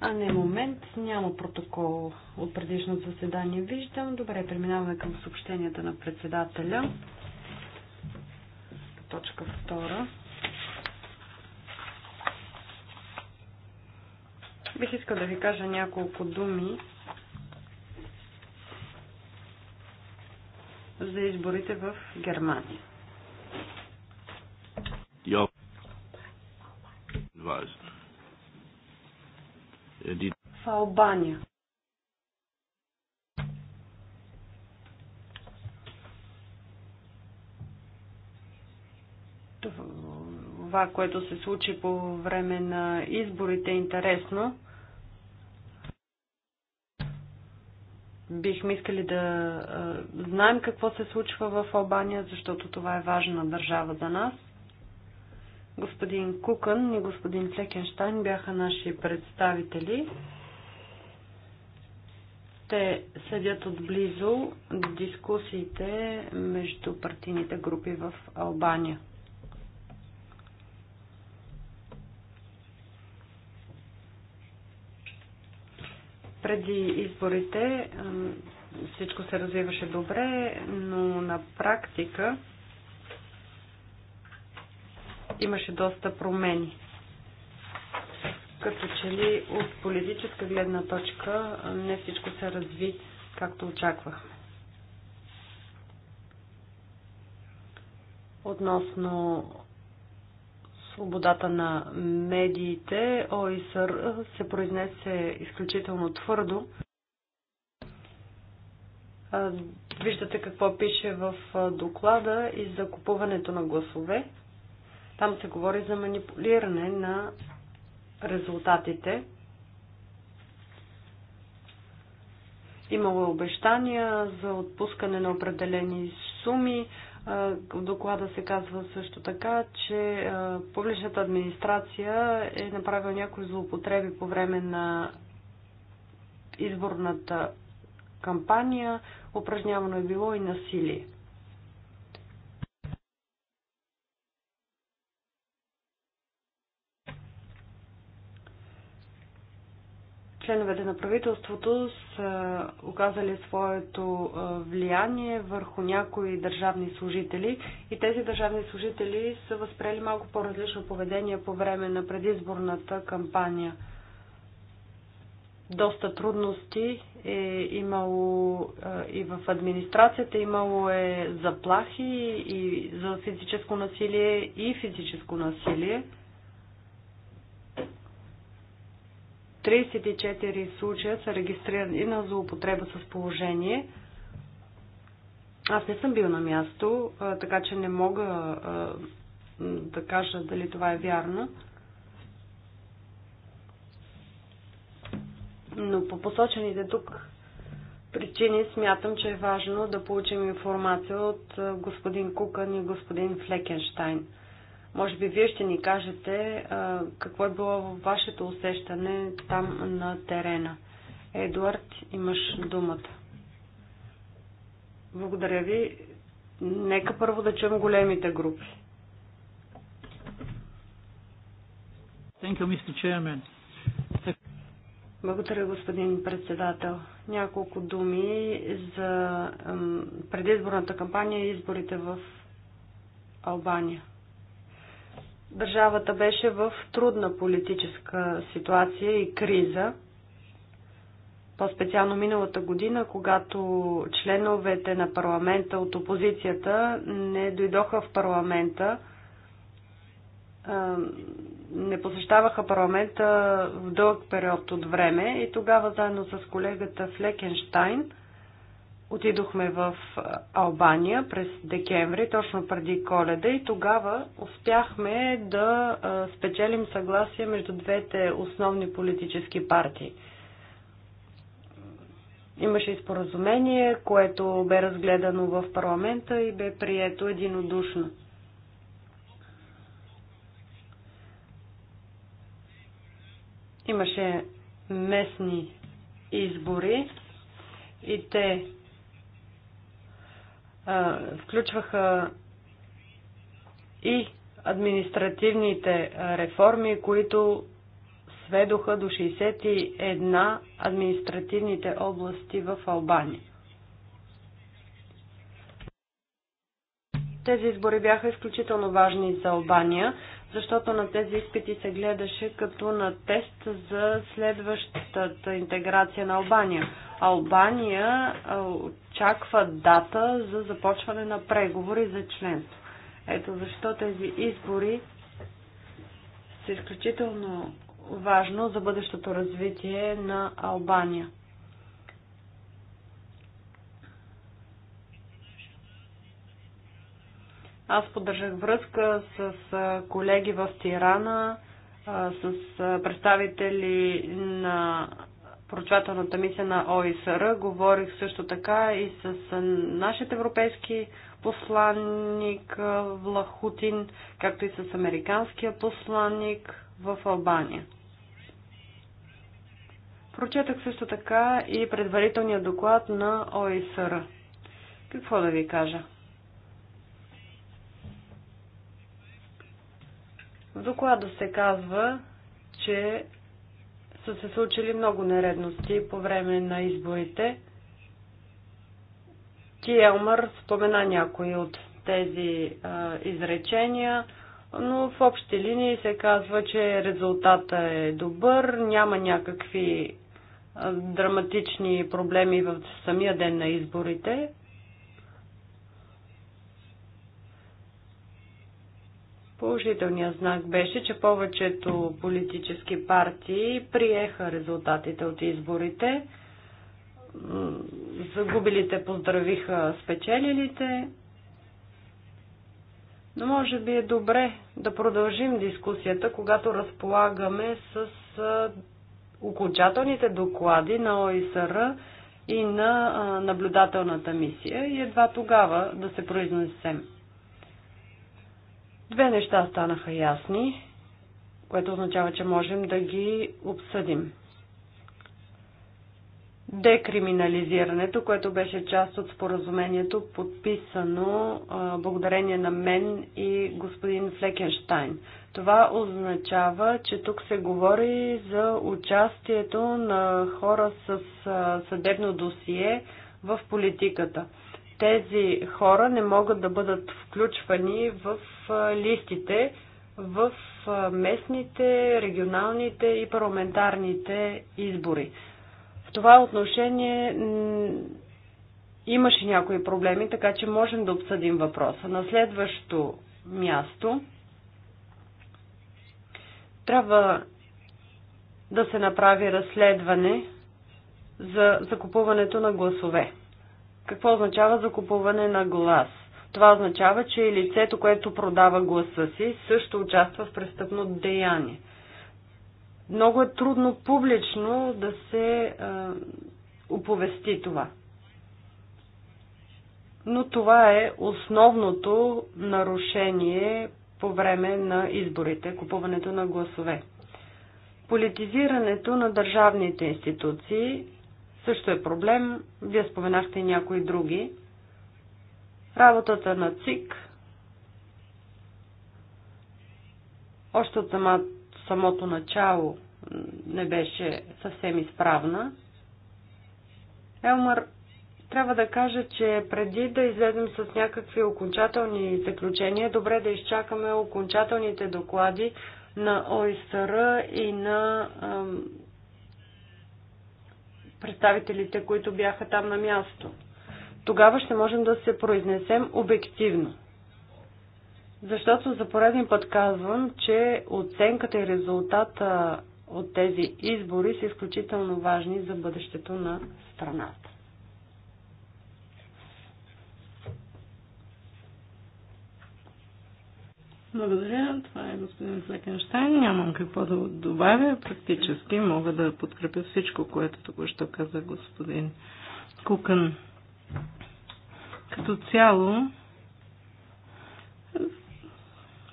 А не, момент, няма протокол от предишното заседание. Виждам. Добре, преминаваме към съобщенията на председателя. Точка втора. Бих искал да ви кажа няколко думи за изборите в Германия. Йо. Важно един. В Албания. Това, което се случи по време на изборите, е интересно. бихме искали да а, знаем какво се случва в Албания, защото това е важна държава за нас. Господин Кукън и господин Флекенштайн бяха наши представители. Те следят отблизо дискусиите между партийните групи в Албания. преди изборите всичко се развиваше добре, но на практика имаше доста промени. Като че ли от политическа гледна точка не всичко се разви както очаквахме. Относно свободата на медиите, ОИСР се произнесе изключително твърдо. Виждате какво пише в доклада и за купуването на гласове. Там се говори за манипулиране на резултатите. Имало е обещания за отпускане на определени суми. В доклада се казва също така, че публичната администрация е направила някои злоупотреби по време на изборната кампания. Упражнявано е било и насилие. членовете на правителството са оказали своето влияние върху някои държавни служители и тези държавни служители са възприели малко по-различно поведение по време на предизборната кампания. Доста трудности е имало и в администрацията, имало е заплахи и за физическо насилие и физическо насилие. 34 случая са регистрирани на злоупотреба с положение. Аз не съм бил на място, така че не мога да кажа дали това е вярно. Но по посочените тук причини смятам, че е важно да получим информация от господин Кукън и господин Флекенштайн – може би вие ще ни кажете а, какво е било вашето усещане там на терена. Едуард, имаш думата. Благодаря ви. Нека първо да чуем големите групи. Thank you, Mr. Chairman. Благодаря, господин председател. Няколко думи за предизборната кампания и изборите в Албания. Държавата беше в трудна политическа ситуация и криза. По-специално миналата година, когато членовете на парламента от опозицията не дойдоха в парламента, не посещаваха парламента в дълъг период от време и тогава заедно с колегата Флекенштайн – Отидохме в Албания през декември, точно преди коледа и тогава успяхме да спечелим съгласие между двете основни политически партии. Имаше и споразумение, което бе разгледано в парламента и бе прието единодушно. Имаше местни избори и те включваха и административните реформи, които сведоха до 61 административните области в Албания. Тези избори бяха изключително важни за Албания, защото на тези изпити се гледаше като на тест за следващата интеграция на Албания. Албания очаква дата за започване на преговори за членство. Ето защо тези избори са изключително важно за бъдещото развитие на Албания. Аз поддържах връзка с колеги в Тирана, с представители на прочвателната мисия на ОИСР. Говорих също така и с нашите европейски посланник Влахутин, както и с американския посланник в Албания. Прочетах също така и предварителния доклад на ОИСР. Какво да ви кажа? В доклада се казва, че са се случили много нередности по време на изборите. Ти Елмър спомена някои от тези а, изречения, но в общи линии се казва, че резултата е добър, няма някакви а, драматични проблеми в самия ден на изборите. Положителният знак беше, че повечето политически партии приеха резултатите от изборите. Загубилите поздравиха спечелилите. Но може би е добре да продължим дискусията, когато разполагаме с окончателните доклади на ОИСР и на наблюдателната мисия и едва тогава да се произнесем. Две неща станаха ясни, което означава, че можем да ги обсъдим. Декриминализирането, което беше част от споразумението, подписано а, благодарение на мен и господин Флекенштайн. Това означава, че тук се говори за участието на хора с а, съдебно досие в политиката тези хора не могат да бъдат включвани в листите в местните, регионалните и парламентарните избори. В това отношение имаше някои проблеми, така че можем да обсъдим въпроса. На следващо място трябва да се направи разследване за закупуването на гласове. Какво означава закупуване на глас? Това означава, че и лицето, което продава гласа си, също участва в престъпно деяние. Много е трудно публично да се е, оповести това. Но това е основното нарушение по време на изборите, купуването на гласове. Политизирането на държавните институции също е проблем. Вие споменахте и някои други. Работата на ЦИК още от сама, самото начало не беше съвсем изправна. Елмър трябва да кажа, че преди да излезем с някакви окончателни заключения, е добре да изчакаме окончателните доклади на ОИСР и на представителите, които бяха там на място. Тогава ще можем да се произнесем обективно. Защото за пореден път казвам, че оценката и резултата от тези избори са изключително важни за бъдещето на страната. Благодаря. Това е господин Флекенштайн. Нямам какво да добавя. Практически мога да подкрепя всичко, което току-що каза господин Кукън. Като цяло,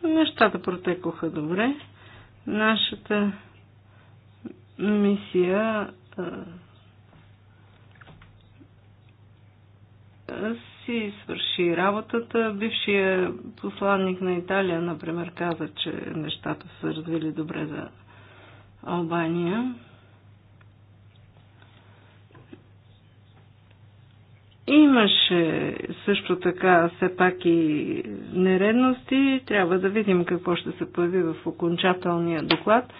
нещата протекоха добре. Нашата мисия си свърши работата. Бившия посланник на Италия, например, каза, че нещата са развили добре за Албания. Имаше също така все пак и нередности. Трябва да видим какво ще се появи в окончателния доклад,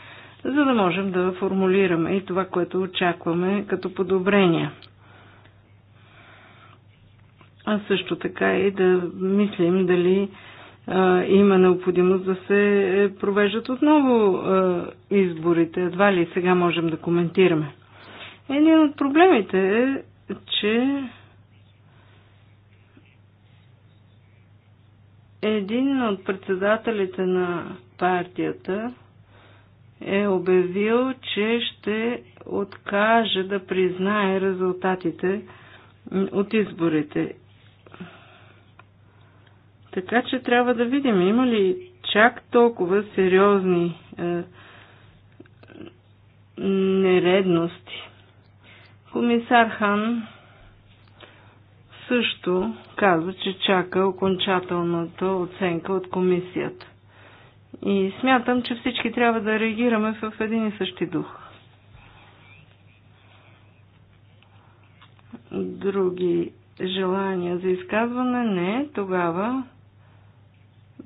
за да можем да формулираме и това, което очакваме като подобрения а също така и да мислим дали а, има необходимост да се е, провеждат отново а, изборите. Едва ли сега можем да коментираме. Един от проблемите е, че един от председателите на партията е обявил, че ще откаже да признае резултатите от изборите. Така че трябва да видим, има ли чак толкова сериозни е, нередности. Комисар Хан също казва, че чака окончателната оценка от комисията. И смятам, че всички трябва да реагираме в един и същи дух. Други желания за изказване? Не. Тогава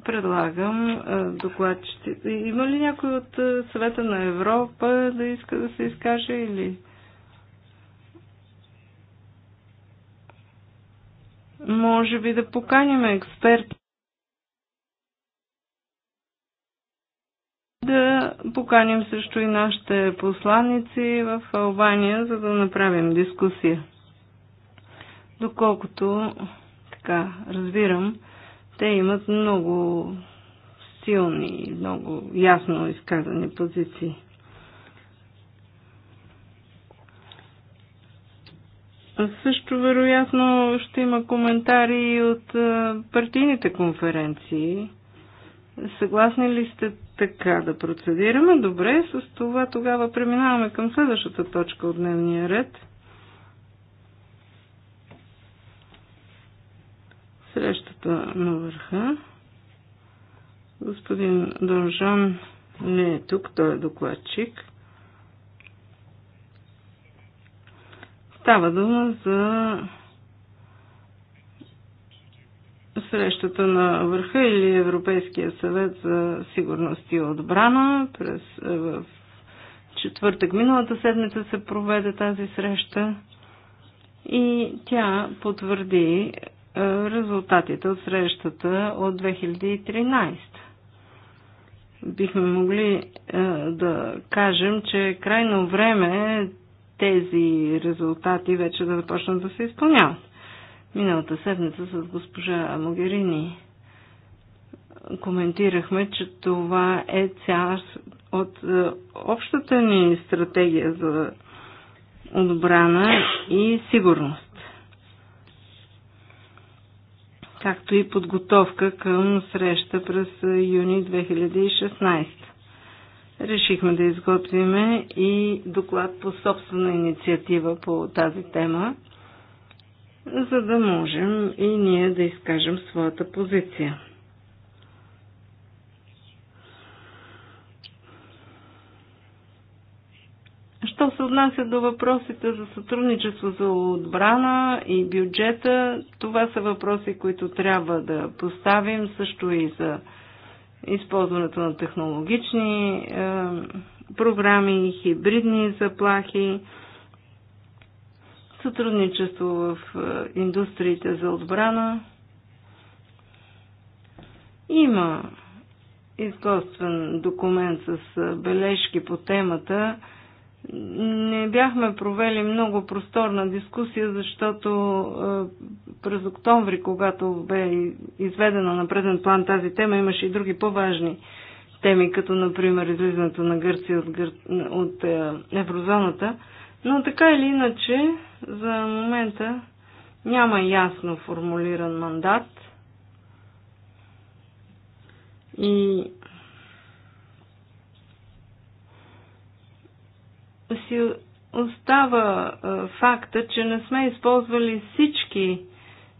предлагам докладчите. Има ли някой от съвета на Европа да иска да се изкаже или? Може би да поканим експерти. Да поканим също и нашите посланици в Албания, за да направим дискусия. Доколкото така разбирам, те имат много силни, и много ясно изказани позиции. Също вероятно ще има коментари от партийните конференции. Съгласни ли сте така да процедираме? Добре, с това тогава преминаваме към следващата точка от дневния ред – срещата на върха. Господин Дължан не е тук, той е докладчик. Става дума за срещата на върха или Европейския съвет за сигурност и отбрана. През, е, в четвъртък миналата седмица се проведе тази среща и тя потвърди е, резултатите от срещата от 2013. Бихме могли е, да кажем, че е крайно време тези резултати вече да започнат да се изпълняват. Миналата седмица с госпожа Могерини коментирахме, че това е цялост от е, общата ни стратегия за отбрана и сигурност. както и подготовка към среща през юни 2016. Решихме да изготвиме и доклад по собствена инициатива по тази тема, за да можем и ние да изкажем своята позиция. Що се отнася до въпросите за сътрудничество за отбрана и бюджета, това са въпроси, които трябва да поставим също и за използването на технологични е, програми, хибридни заплахи, сътрудничество в е, индустриите за отбрана. Има изготвен документ с е, бележки по темата не бяхме провели много просторна дискусия, защото е, през октомври, когато бе изведена на преден план тази тема, имаше и други по-важни теми, като например излизането на Гърция от, Гър... от е, еврозоната. Но така или иначе, за момента няма ясно формулиран мандат и си остава факта, че не сме използвали всички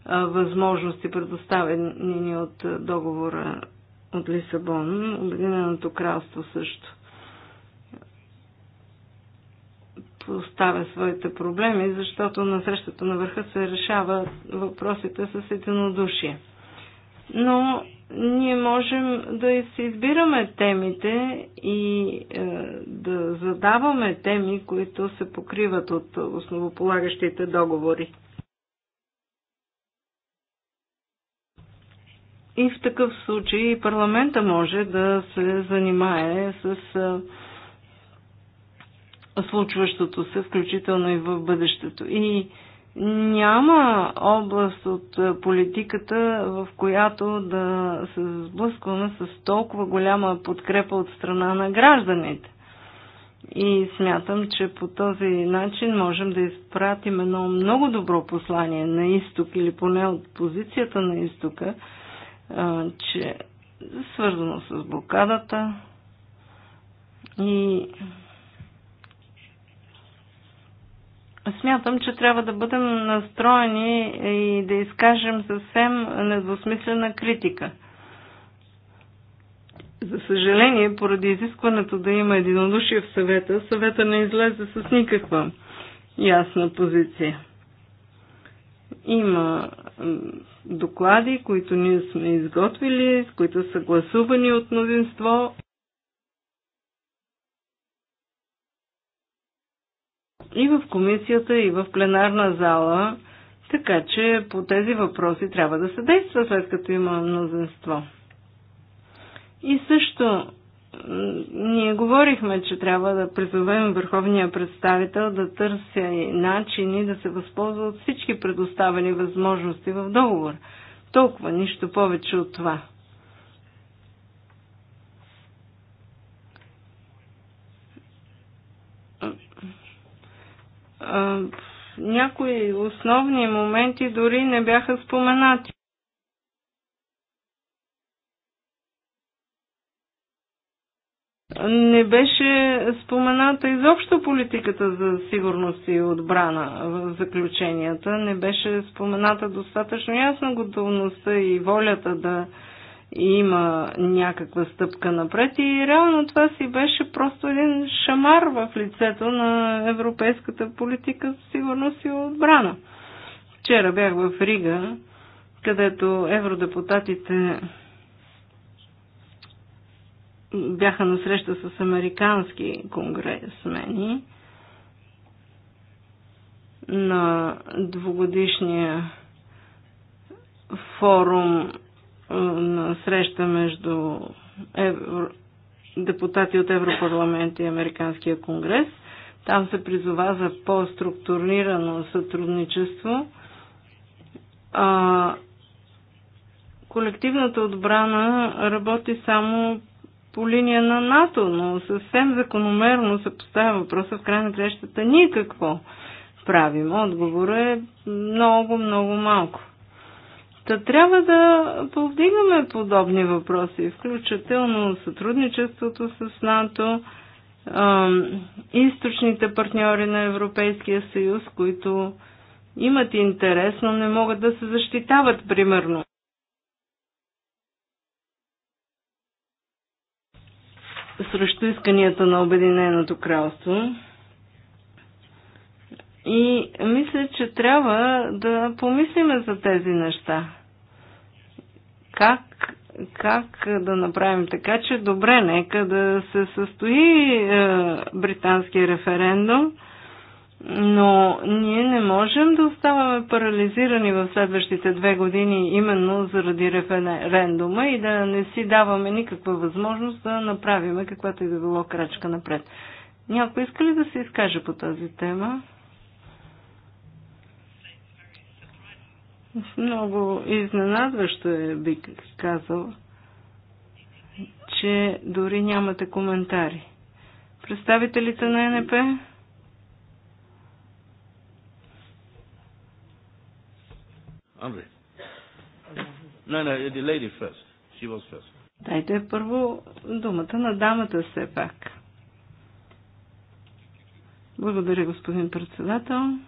възможности, предоставени ни от договора от Лисабон, Обединеното кралство също. поставя своите проблеми, защото на срещата на върха се решава въпросите с единодушие. Но ние можем да си избираме темите и е, да задаваме теми, които се покриват от основополагащите договори. И в такъв случай парламента може да се занимае с е, случващото се, включително и в бъдещето. И няма област от е, политиката, в която да се сблъскваме с толкова голяма подкрепа от страна на гражданите. И смятам, че по този начин можем да изпратим едно много добро послание на изток или поне от позицията на изтока, е, че е свързано с блокадата и Смятам, че трябва да бъдем настроени и да изкажем съвсем недвусмислена критика. За съжаление, поради изискването да има единодушие в съвета, съвета не излезе с никаква ясна позиция. Има доклади, които ние сме изготвили, с които са гласувани от мнозинство. и в комисията, и в пленарна зала, така че по тези въпроси трябва да се действа, след като има мнозинство. И също ние говорихме, че трябва да призовем върховния представител да и начини да се възползва от всички предоставени възможности в договор. Толкова нищо повече от това. някои основни моменти дори не бяха споменати. не беше спомената изобщо политиката за сигурност и отбрана в заключенията. Не беше спомената достатъчно ясно готовността и волята да има някаква стъпка напред и реално това си беше просто един шамар в лицето на европейската политика за сигурност и отбрана. Вчера бях в Рига, където евродепутатите бяха на среща с американски конгресмени на двугодишния форум на среща между евро... депутати от Европарламент и Американския конгрес. Там се призова за по-структурирано сътрудничество. А, колективната отбрана работи само по линия на НАТО, но съвсем закономерно се поставя въпроса в край на крещата ние какво правим. Отговорът е много, много малко. Та трябва да повдигаме подобни въпроси, включително сътрудничеството с НАТО, източните партньори на Европейския съюз, които имат интерес, но не могат да се защитават, примерно. Срещу исканията на Обединеното кралство. И мисля, че трябва да помислиме за тези неща. Как, как да направим така, че добре, нека да се състои е, британски референдум, но ние не можем да оставаме парализирани в следващите две години именно заради референдума и да не си даваме никаква възможност да направиме каквато и да било крачка напред. Някой иска ли да се изкаже по тази тема? Много изненадващо е, би казал, че дори нямате коментари. Представителите на НП? Андрей. Не, не, the lady first. She was first. Дайте първо думата на дамата все пак. Благодаря, господин председател.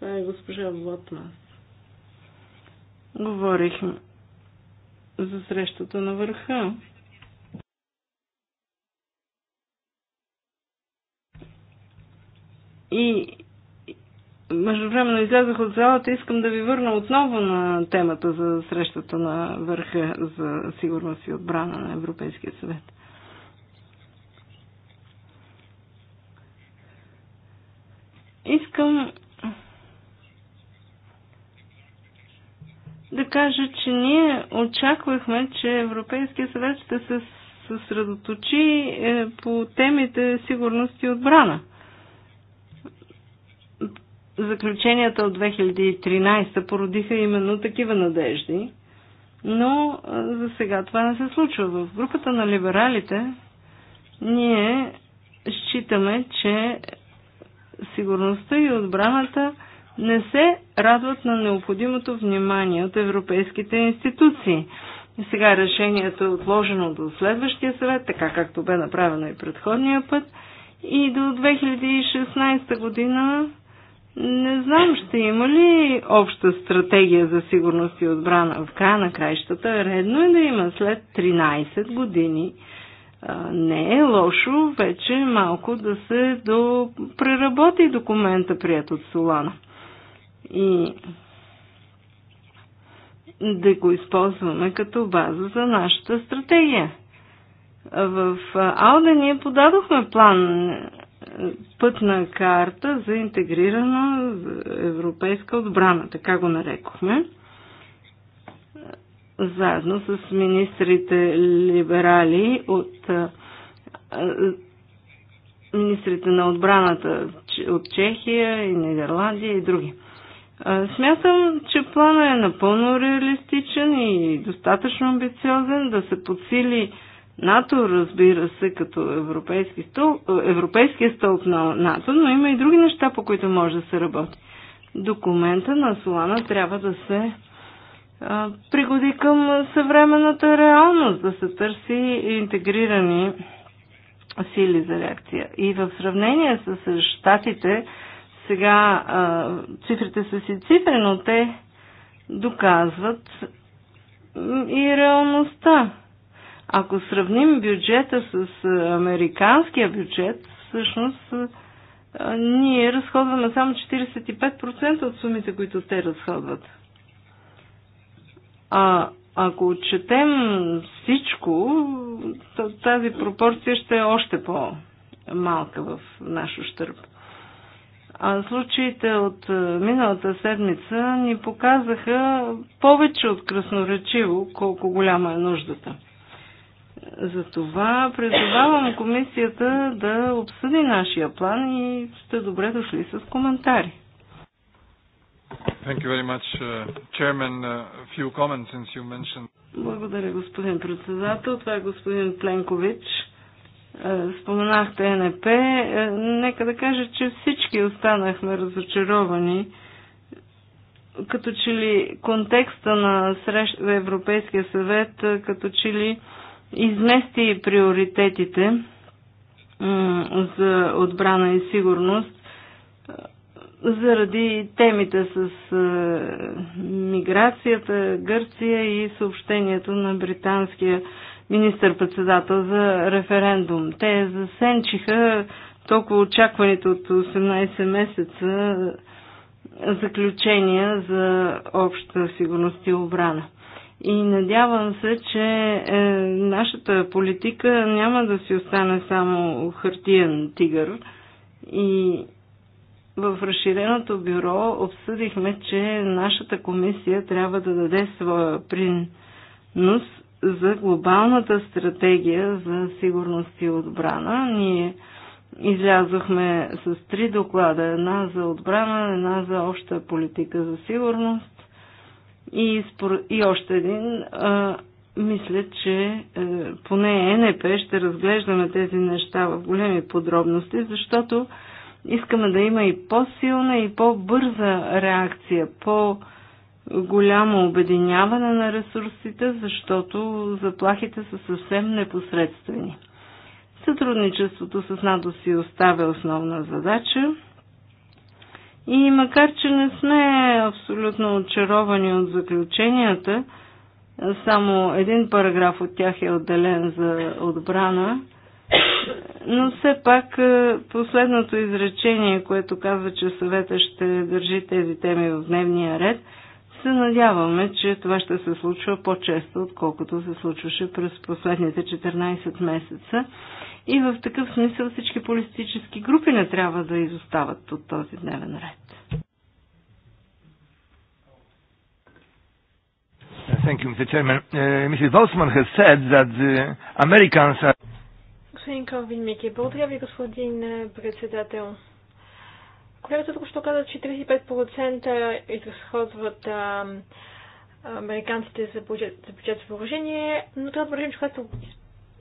Това е госпожа Лотмас. Говорихме за срещата на върха. И между време излязах от залата, искам да ви върна отново на темата за срещата на върха за сигурност и отбрана на Европейския съвет. Искам да кажа, че ние очаквахме, че Европейския съвет ще се съсредоточи е, по темите сигурност и отбрана. Заключенията от 2013 породиха именно такива надежди, но е, за сега това не се случва. В групата на либералите ние считаме, че сигурността и отбраната – не се радват на необходимото внимание от европейските институции. И сега решението е отложено до следващия съвет, така както бе направено и предходния път. И до 2016 година не знам, ще има ли обща стратегия за сигурност и отбрана в края на краищата. Е редно е да има след 13 години. Не е лошо вече малко да се до... преработи документа, прият от Солана и да го използваме като база за нашата стратегия. В Ауда ние подадохме план пътна карта за интегрирана европейска отбрана, така го нарекохме. Заедно с министрите либерали от министрите на отбраната от Чехия и Нидерландия и други. Смятам, че плана е напълно реалистичен и достатъчно амбициозен да се подсили НАТО, разбира се, като европейски стол, е, европейския стълб на НАТО, но има и други неща, по които може да се работи. Документа на Солана трябва да се а, пригоди към съвременната реалност, да се търси интегрирани сили за реакция. И в сравнение с щатите, сега цифрите са си цифри, но те доказват и реалността. Ако сравним бюджета с американския бюджет, всъщност ние разходваме само 45% от сумите, които те разходват. А ако отчетем всичко, тази пропорция ще е още по-малка в наш ущърп. А случаите от е, миналата седмица ни показаха повече от красноречиво колко голяма е нуждата. Затова призовавам комисията да обсъди нашия план и сте добре дошли с коментари. Thank you very much, uh, Chairman. Uh, few comments since you mentioned. Благодаря, господин председател. Това е господин Пленкович. Е, споменахте НП, е, нека да кажа, че всички останахме разочаровани. Като че ли контекста на срещ... Европейския съвет, е, като че ли измести приоритетите за отбрана и сигурност заради темите с миграцията, Гърция и съобщението на британския министър-председател за референдум. Те засенчиха толкова очакваните от 18 месеца заключения за обща сигурност и обрана. И надявам се, че е, нашата политика няма да си остане само хартиен тигър. И в разширеното бюро обсъдихме, че нашата комисия трябва да даде своя принос за глобалната стратегия за сигурност и отбрана. Ние излязохме с три доклада. Една за отбрана, една за обща политика за сигурност и, спор... и още един. А, мисля, че а, е, поне ЕНП е ще разглеждаме тези неща в големи подробности, защото искаме да има и по-силна и по-бърза реакция, по-бърза голямо обединяване на ресурсите, защото заплахите са съвсем непосредствени. Сътрудничеството с НАТО си оставя основна задача. И макар, че не сме абсолютно очаровани от заключенията, само един параграф от тях е отделен за отбрана, но все пак е, последното изречение, което казва, че съвета ще държи тези теми в дневния ред – се надяваме, че това ще се случва по-често, отколкото се случваше през последните 14 месеца. И в такъв смисъл всички политически групи не трябва да изостават от този дневен ред. Thank you, Mr. Chairman. Uh, Mrs. Boltzmann has said that the Americans are... Господин Ковин Мики, благодаря ви, господин uh, председател. Колегата тук що каза, че 35% изразходват а, американците за бюджет за, бюджет за въоръжение, но трябва да е вържим, че когато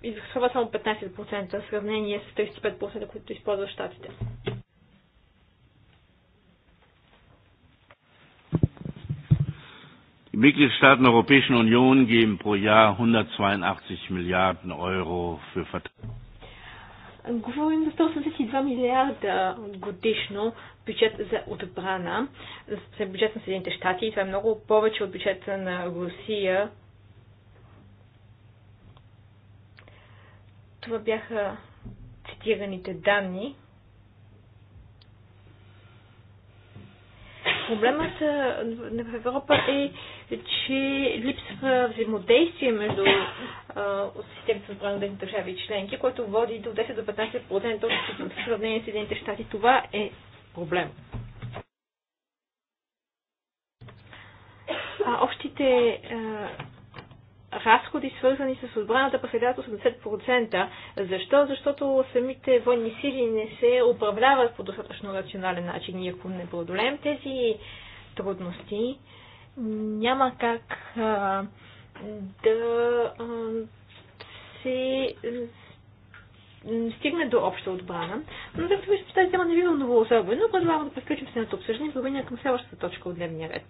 изразходва само 15% в сравнение с 35%, които използват щатите. Die Mitgliedstaaten der Europäischen Union geben pro Jahr 182 Milliarden Euro für Verteidigung. Говорим за 182 милиарда годишно бюджет за отбрана, за бюджет на Съединените щати. Това е много повече от бюджета на Русия. Това бяха цитираните данни. Проблемът в Европа е че липсва взаимодействие между системите на отбрана на държави и членки, което води до 10 до 15% точно в сравнение с Съединените щати. Това е проблем. А, общите а, разходи, свързани с отбраната, преследват 80%. Защо? Защото самите военни сили не се управляват по достатъчно рационален начин. И ако не преодолеем тези трудности, няма как а, да се стигне до обща отбрана. Но както виждате, тази тема не бива е много особено. Предлагам да приключим следното обсъждане и премина към следващата точка от дневния ред.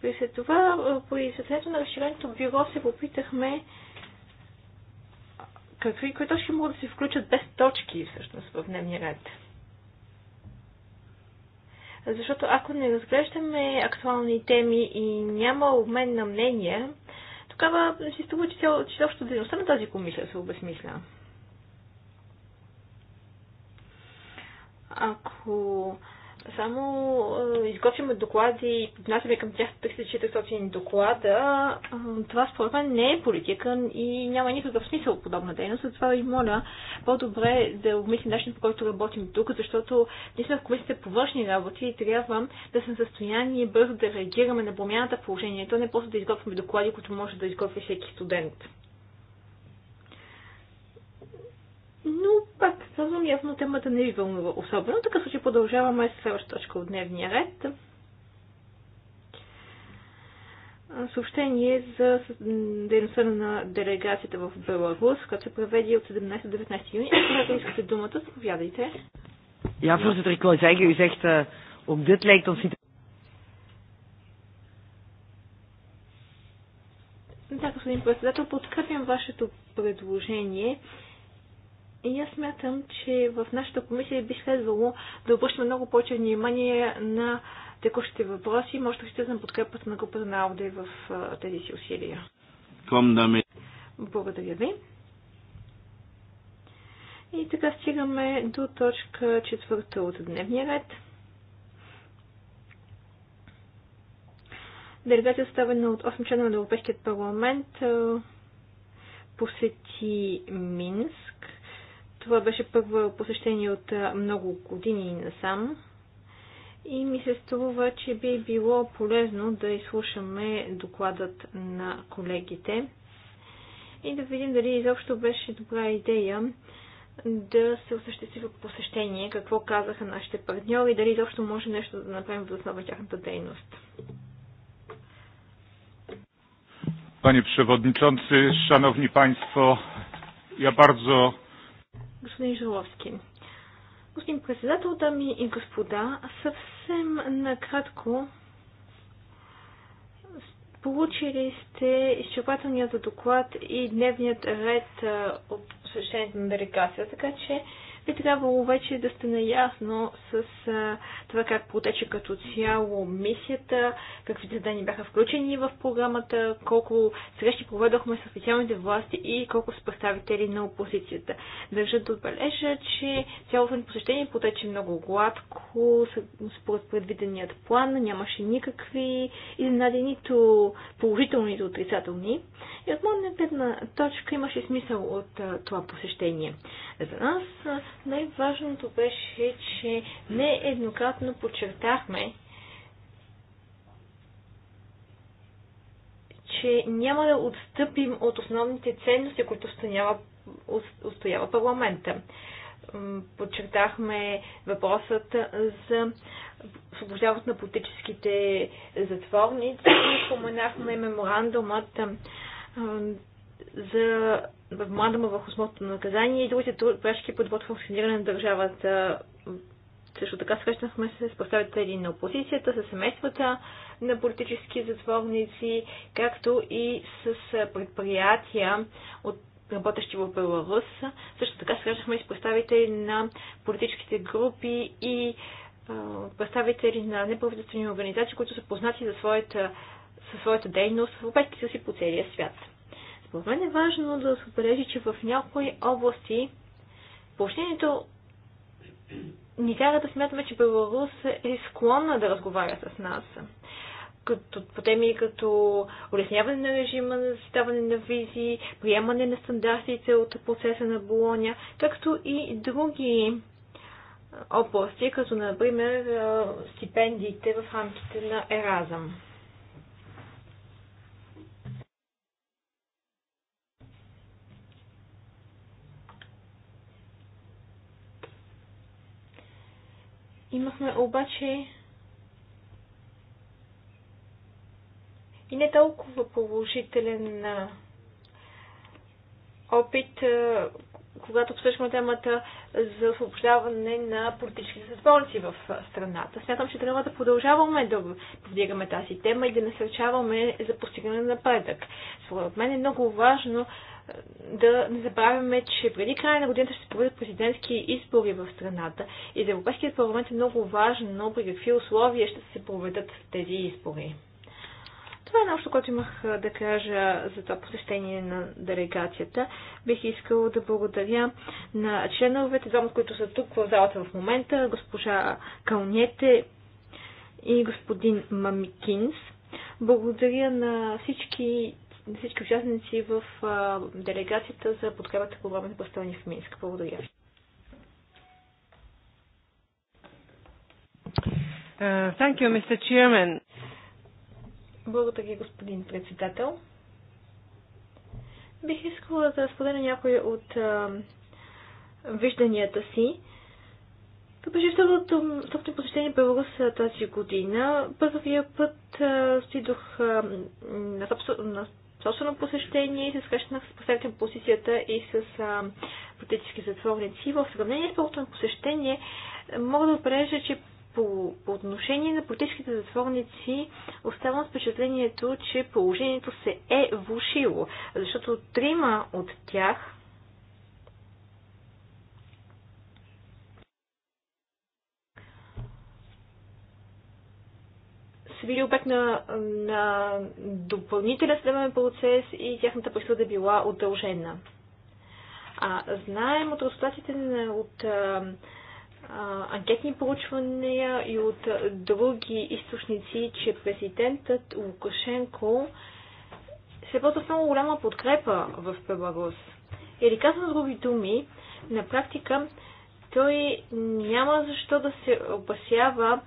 При след това, по изследването на разширеното бюро се попитахме какви точки могат да се включат без точки всъщност в дневния ред. Защото ако не разглеждаме актуални теми и няма обмен на мнения, тогава си струва, че, цяло, че общо дейността на тази комисия се обезмисля. Ако само е, изготвяме доклади и поднасяме към тях 3400 доклада, доклада, това според мен не е политика и няма никакъв смисъл подобна дейност. Затова ви моля по-добре да обмислим начин, по който работим тук, защото ние сме в комисията по външни работи и трябва да сме в състояние бързо да реагираме на промяната в положението, не просто да изготвяме доклади, които може да изготви всеки студент. Но пак казвам, явно темата не ви вълнува особено. Така случай продължаваме с следващата точка от дневния ред. Съобщение за дейността на делегацията в Беларус, която се проведи от 17 до 19 юни. Ако искате думата, заповядайте. Я просто ik сега zeggen, u zegt, uh, eh, ook ons Да, господин председател, подкрепям вашето предложение. И аз смятам, че в нашата комисия би следвало да обръщаме много повече внимание на текущите въпроси. Може да ще на подкрепата на групата на Ауде в тези си усилия. Благодаря ви. И така стигаме до точка четвърта от дневния ред. Делегация, оставена от 8 члена на Европейският парламент, посети Минск това беше първо посещение от много години насам. И ми се струва, че би било полезно да изслушаме докладът на колегите и да видим дали изобщо беше добра идея да се осъществи посещение, какво казаха нашите партньори, дали изобщо може нещо да направим в основа тяхната дейност. Panie Przewodniczący, Szanowni Państwo, ja bardzo господин Жиловски. Господин председател, дами и господа, съвсем накратко получили сте изчерпателният доклад и дневният ред от посещението на делегация, така че би трябвало вече да сте наясно с а, това как протече като цяло мисията, какви задания бяха включени в програмата, колко срещи проведохме с официалните власти и колко с представители на опозицията. Държа да отбележа, че цялото ни посещение протече много гладко, според предвиденият план, нямаше никакви изненади, нито положителни, нито отрицателни. И от моята гледна точка имаше смисъл от а, това посещение. За нас най-важното беше, че не еднократно подчертахме, че няма да отстъпим от основните ценности, които устоява, устоява парламента. Подчертахме въпросът за освобождаването на политическите затворници, споменахме меморандумът за младама върху смъртното наказание и другите пречки под функциониране на държавата също така срещнахме се с представители на опозицията, с семействата на политически затворници, както и с предприятия от работещи в Беларус. Също така срещнахме и с представители на политическите групи и представители на неправителствени организации, които са познати за своята, със своята дейност в Европейския си по целия свят. Според мен е важно да се отбележи, че в някои области поощрението ни кара да смятаме, че Беларус е склонна да разговаря с нас. Като, по теми като улесняване на режима, създаване на визи, приемане на стандартите от процеса на Болония, както и други области, като например стипендиите в рамките на Еразъм. Имахме обаче и не толкова положителен опит, когато обсъждаме темата за освобождаване на политическите затворници в страната. Смятам, че трябва да продължаваме да повдигаме тази тема и да насърчаваме за постигане на напредък. Според мен е много важно да не забравяме, че преди края на годината ще се проведат президентски избори в страната и за Европейският парламент е много важно при какви условия ще се проведат тези избори. Това е нещо, което имах да кажа за това посещение на делегацията. Бих искал да благодаря на членовете, двама, които са тук в залата в момента, госпожа Калнете и господин Мамикинс. Благодаря на всички на всички участници в делегацията за подкрепата по време на поставяне в Минск. Благодаря Uh, thank you, Mr. Chairman. Благодаря, господин председател. Бих искала да споделя някои от а, вижданията си. Беше второто, второто посещение в Беларус тази година. Първия път а, стидох а, на, собствен, на собствено посещение и се срещнах с представител на позицията и с а, политически затворници. В сравнение с първото на посещение мога да отбележа, че по, по отношение на политическите затворници оставам с впечатлението, че положението се е влушило, защото трима от тях са били обект на, на допълнителен съдебен процес и тяхната присъда е била удължена. А, знаем от резултатите на, от а, анкетни проучвания и от други източници, че президентът Лукашенко се ползва с много голяма подкрепа в Пебагос. Или казвам с други думи, на практика той няма защо да се опасява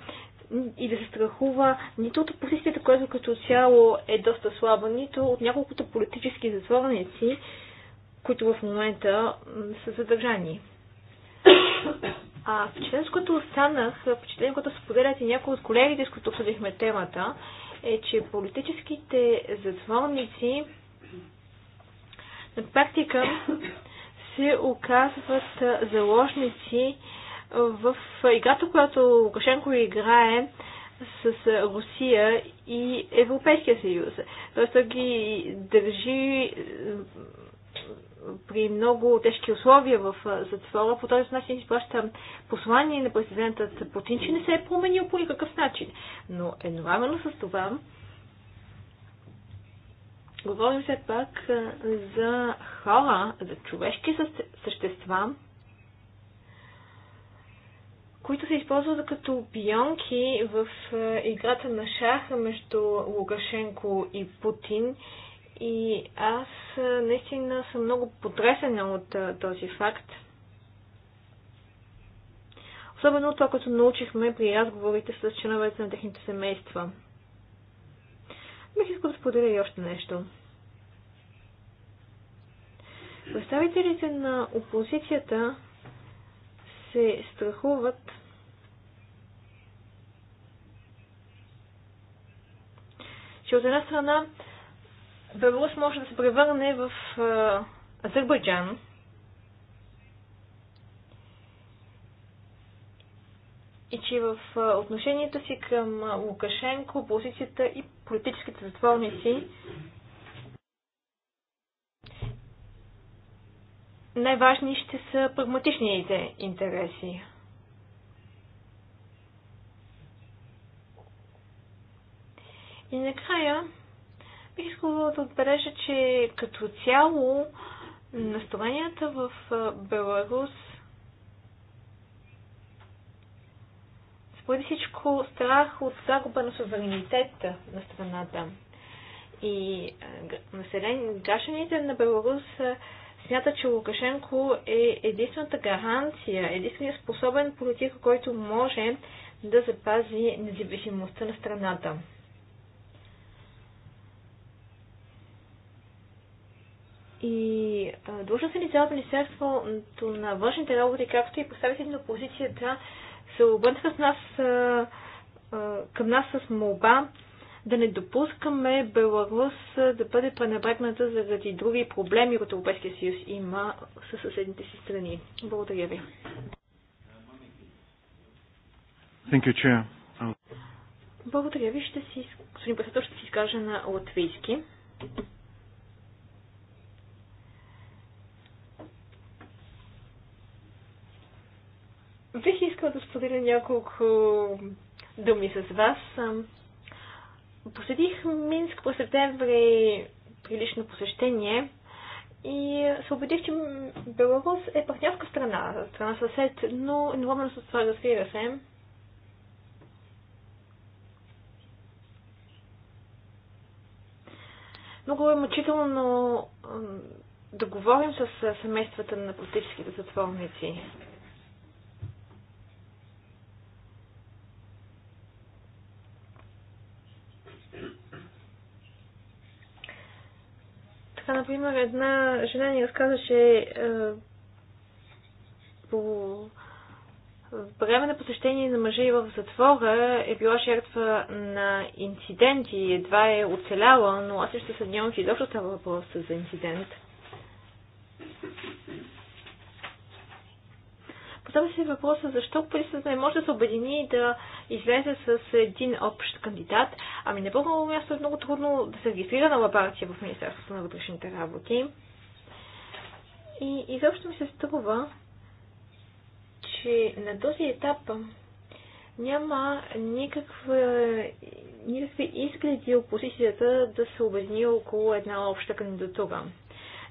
и да се страхува нито от опозицията, която като цяло е доста слаба, нито от няколкото политически затворници, които в момента са задържани. А впечатлението, което останах, впечатлението, което споделят и някои от колегите, с които обсъдихме темата, е, че политическите затворници на практика се оказват заложници в играта, която Лукашенко играе с Русия и Европейския съюз. Тоест той ги държи при много тежки условия в затвора. По този начин изпраща послание на президента Путин, че не се е променил по никакъв начин. Но едновременно с това говорим все пак за хора, за човешки същества, които се използват като пионки в е, играта на шаха между Лукашенко и Путин. И аз е, наистина съм много потресена от е, този факт. Особено това, което научихме при разговорите с членовете на техните семейства. Бих искал да споделя и още нещо. Представителите на опозицията се страхуват че от една страна Беларус може да се превърне в Азербайджан. И че в отношенията си към Лукашенко, опозицията и политическите затворници най-важни ще са прагматичните интереси. И накрая бих искала да отбележа, че като цяло настроенията в Беларус Според всичко страх от загуба на суверенитета на страната. И населените гражданите на Беларус смята, че Лукашенко е единствената гаранция, единственият способен политик, който може да запази независимостта на страната. И длъжността ни цялото Министерството на външните работи, както и представители на опозицията, се обърнаха с нас, към нас с молба да не допускаме Беларус да бъде пренебрегната заради други проблеми, които Европейския съюз има със съседните си страни. Благодаря ви. Thank you, Chair. Благодаря ви. Ще си, господин председател, ще си изкажа на латвийски. Бих искала да споделя няколко думи с вас. Посетих Минск по септември прилично посещение и се убедих, че Беларус е партньорска страна, страна съсед, но едновременно с това разбира да се. Много е мъчително да говорим с семействата на политическите затворници. Та, Например, една жена ни разказаше е, по време на посещение на мъжа и в затвора е била жертва на инциденти, едва е оцеляла, но аз ще съднявам, че изобщо става въпрос за инцидент. Задава се въпроса защо полицията не може да се обедини и да излезе с един общ кандидат. Ами на първо място е много трудно да се регистрира на партия в Министерството на вътрешните работи. И изобщо ми се струва, че на този етап няма никаква, никакви изгледи опозицията да се обедини около една обща кандидатура.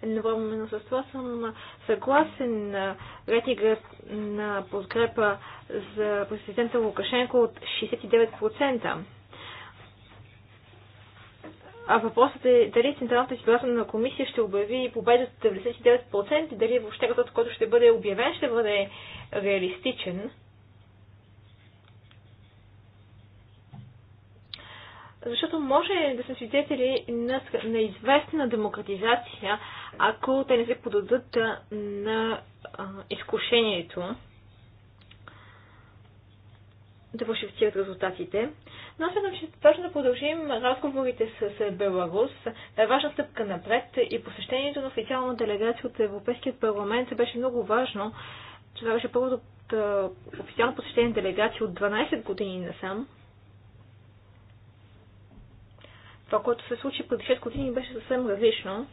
Едновременно с това съм съгласен на ретига на подкрепа за президента Лукашенко от 69%. А въпросът е дали Централната избирателна комисия ще обяви победа от 99% и дали въобще този, който ще бъде обявен ще бъде реалистичен. защото може да са свидетели на, на известна демократизация, ако те не се подадат на а, изкушението да фалшифицират резултатите. Но смятам, че точно е да продължим разговорите с Беларус. е важна стъпка напред и посещението на официална делегация от Европейския парламент беше много важно. Това беше първото официално посещение на делегация от 12 години насам. Това, което се случи преди 6 години, беше съвсем различно.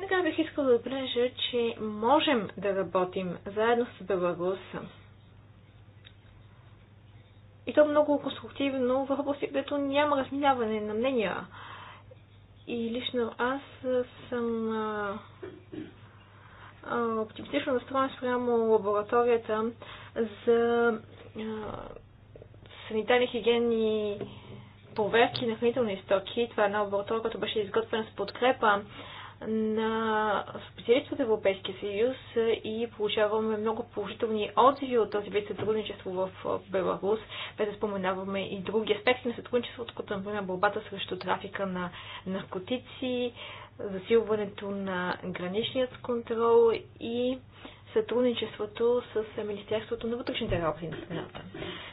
Нека бих искала да отбележа, че можем да работим заедно с Беларус. И то много конструктивно в области, където няма разминаване на мнения. И лично аз съм а, а, оптимистично настроен спрямо лабораторията за а, санитарни хигиенни проверки на хранителни стоки. Това е една лаборатория, която беше изготвена с подкрепа на специалисти от Европейския съюз и получаваме много положителни отзиви от този вид сътрудничество в Беларус, без да споменаваме и други аспекти на сътрудничеството, като например борбата срещу трафика на наркотици, засилването на граничният контрол и сътрудничеството с е, Министерството на вътрешните работи на страната.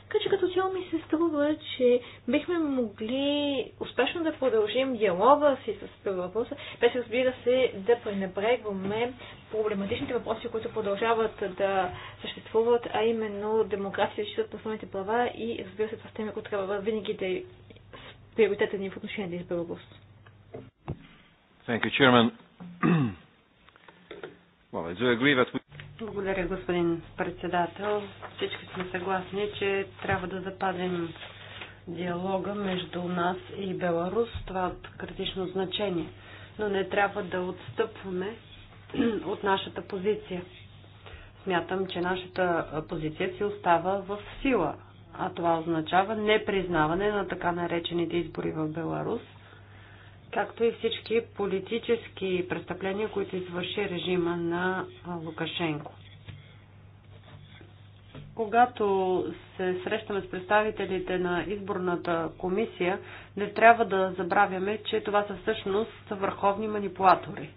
Така че като цяло ми се струва, че бихме могли успешно да продължим диалога си с въпроса, без разбира се да пренебрегваме проблематичните въпроси, които продължават да съществуват, а именно демокрация, защита на основните права и разбира се това с теми, които трябва винаги да е приоритета ни в отношение на да избирателност. Thank you, Chairman. Well, I do agree that we... Благодаря, господин председател. Всички сме съгласни, че трябва да запазим диалога между нас и Беларус. Това е от критично значение. Но не трябва да отстъпваме от нашата позиция. Смятам, че нашата позиция си остава в сила, а това означава непризнаване на така наречените избори в Беларус – както и всички политически престъпления, които извърши режима на Лукашенко. Когато се срещаме с представителите на изборната комисия, не трябва да забравяме, че това са всъщност върховни манипулатори.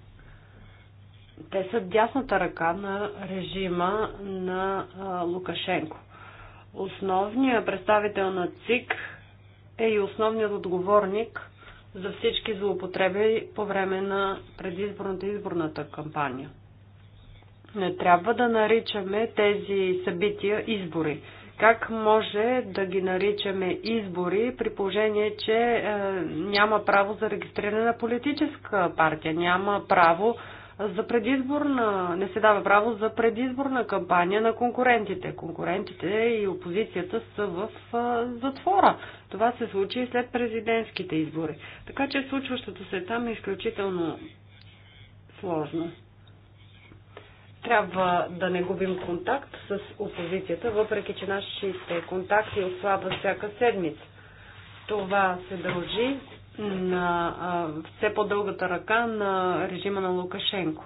Те са дясната ръка на режима на Лукашенко. Основният представител на ЦИК е и основният отговорник – за всички злоупотреби по време на предизборната изборната кампания. Не трябва да наричаме тези събития избори. Как може да ги наричаме избори при положение, че е, няма право за регистриране на политическа партия, няма право за предизборна, не се дава право за предизборна кампания на конкурентите. Конкурентите и опозицията са в затвора. Това се случи и след президентските избори. Така че случващото се там е изключително сложно. Трябва да не губим контакт с опозицията, въпреки че нашите контакти отслабват всяка седмица. Това се дължи на а, все по-дългата ръка на режима на Лукашенко.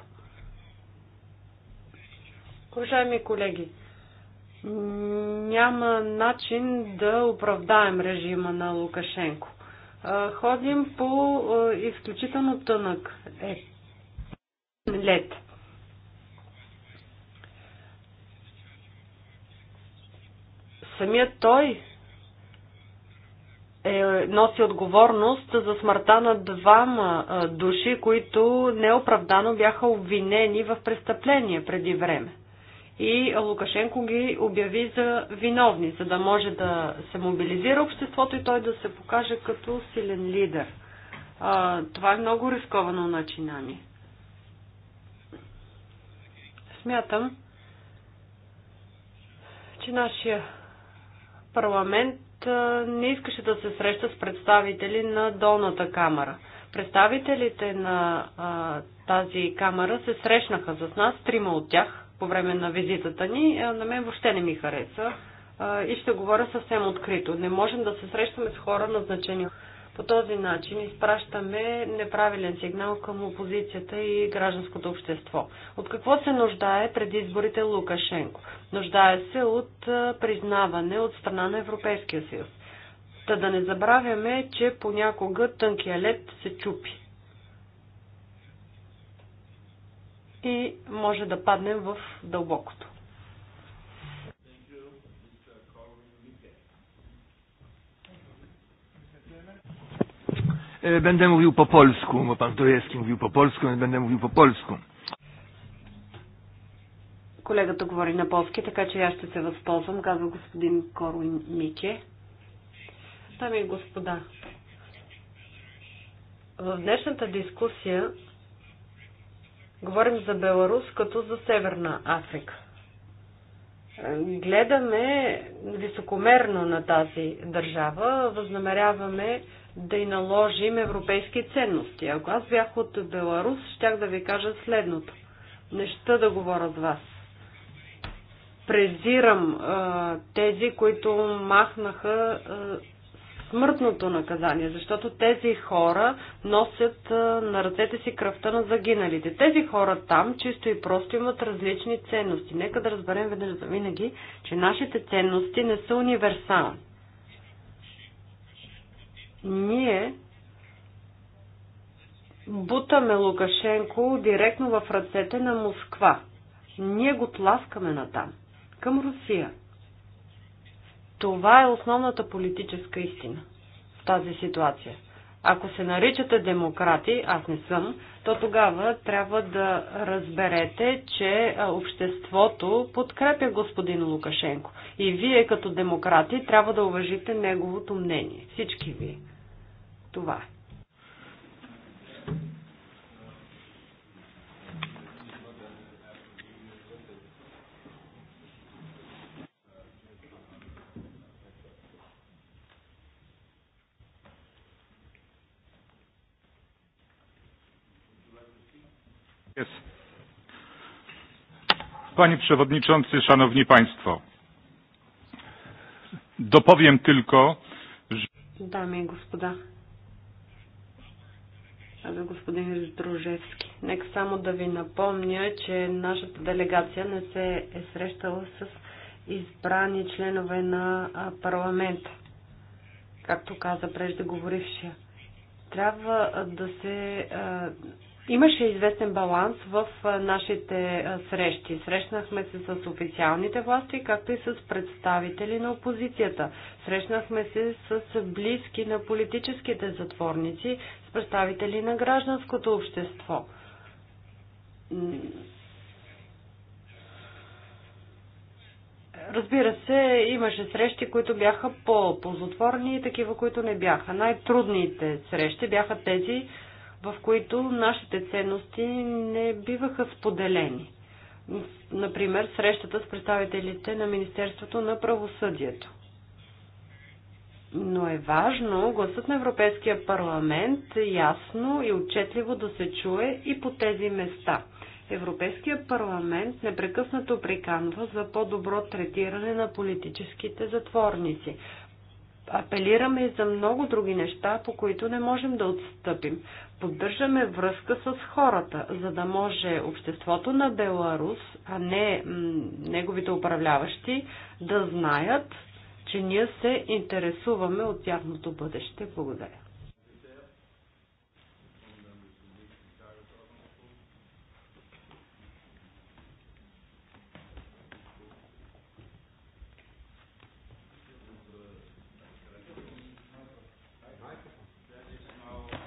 Уважаеми колеги, няма начин да оправдаем режима на Лукашенко. Ходим по изключително тънък е, лед. Самият той е, носи отговорност за смъртта на двама души, които неоправдано бяха обвинени в престъпление преди време. И Лукашенко ги обяви за виновни, за да може да се мобилизира обществото и той да се покаже като силен лидер. А, това е много рисковано начинание. Смятам, че нашия парламент не искаше да се среща с представители на долната камера. Представителите на а, тази камера се срещнаха с нас, трима от тях, по време на визитата ни. На мен въобще не ми хареса и ще говоря съвсем открито. Не можем да се срещаме с хора, назначени по този начин изпращаме неправилен сигнал към опозицията и гражданското общество. От какво се нуждае преди изборите Лукашенко? Нуждае се от признаване от страна на Европейския съюз. Та да не забравяме, че понякога тънкия лед се чупи. И може да паднем в дълбокото. E, będę mówił po polsku, bo pan Trojewski mówił po polsku, więc będę mówił po polsku. Колегата говори на полски, така че аз ще се възползвам, казва господин Корвин Мике. Дами и господа, в днешната дискусия говорим за Беларус като за Северна Африка. Гледаме високомерно на тази държава, възнамеряваме да й наложим европейски ценности. Ако аз бях от Беларус, щях да ви кажа следното. Неща да говоря с вас. Презирам а, тези, които махнаха а, смъртното наказание, защото тези хора носят на ръцете си кръвта на загиналите. Тези хора там чисто и просто имат различни ценности. Нека да разберем веднъж за винаги, че нашите ценности не са универсални ние бутаме Лукашенко директно в ръцете на Москва. Ние го тласкаме натам, към Русия. Това е основната политическа истина в тази ситуация – ако се наричате демократи, аз не съм, то тогава трябва да разберете, че обществото подкрепя господин Лукашенко. И вие като демократи трябва да уважите неговото мнение. Всички ви Това е. Jest. Panie Przewodniczący, Szanowni Państwo, dopowiem tylko, że... Damy господа, каза господин Дружевски, Нека само да ви напомня, че нашата делегация не се е срещала с избрани членове на парламента, както каза преждеговорившия. Трябва да се Имаше известен баланс в нашите срещи. Срещнахме се с официалните власти, както и с представители на опозицията. Срещнахме се с близки на политическите затворници, с представители на гражданското общество. Разбира се, имаше срещи, които бяха по-ползотворни и такива, които не бяха. Най-трудните срещи бяха тези, в които нашите ценности не биваха споделени. Например, срещата с представителите на Министерството на правосъдието. Но е важно гласът на Европейския парламент ясно и отчетливо да се чуе и по тези места. Европейския парламент непрекъснато приканва за по-добро третиране на политическите затворници апелираме и за много други неща, по които не можем да отстъпим. Поддържаме връзка с хората, за да може обществото на Беларус, а не неговите управляващи, да знаят, че ние се интересуваме от тяхното бъдеще. Благодаря.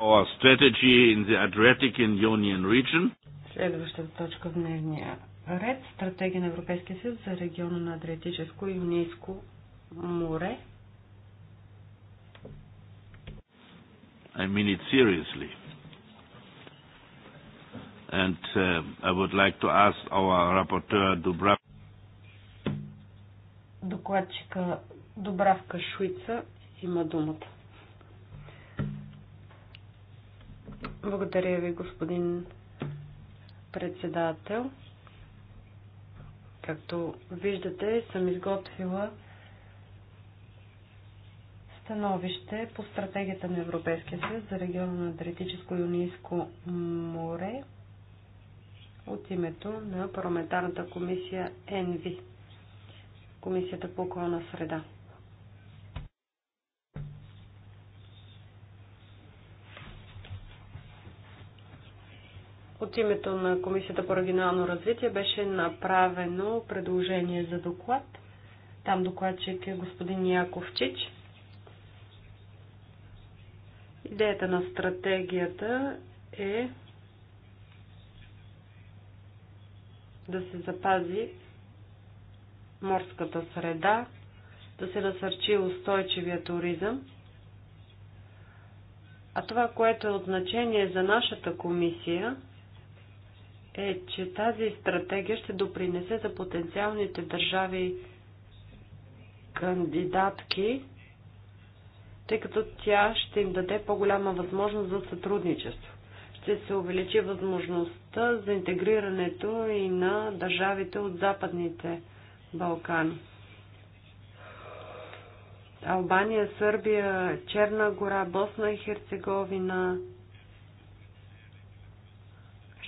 our strategy in the Adriatic and Ionian region. Следващата точка в дневния ред – стратегия на Европейския съюз за региона на Адриатическо и Юнейско море. I mean it seriously. And uh, I would like to ask our rapporteur Dubravka. Докладчика Добравка Шуица има думата. Благодаря ви, господин председател. Както виждате, съм изготвила становище по стратегията на Европейския съюз за региона на Адриатическо и Юнийско море от името на парламентарната комисия ЕНВИ, Комисията по околна среда. От името на Комисията по регионално развитие беше направено предложение за доклад. Там докладчик е господин Яковчич. Идеята на стратегията е да се запази морската среда, да се насърчи устойчивия туризъм. А това, което е от значение за нашата комисия, е, че тази стратегия ще допринесе за потенциалните държави кандидатки, тъй като тя ще им даде по-голяма възможност за сътрудничество. Ще се увеличи възможността за интегрирането и на държавите от Западните Балкани. Албания, Сърбия, Черна гора, Босна и Херцеговина,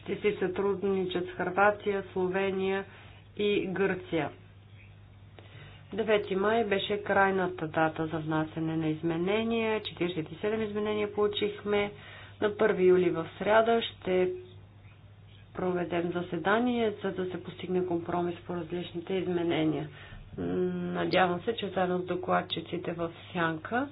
ще си сътрудничат с Харватия, Словения и Гърция. 9 май беше крайната дата за внасене на изменения. 47 изменения получихме. На 1 юли в среда ще проведем заседание, за да се постигне компромис по различните изменения. Надявам се, че заедно с докладчиците в Сянка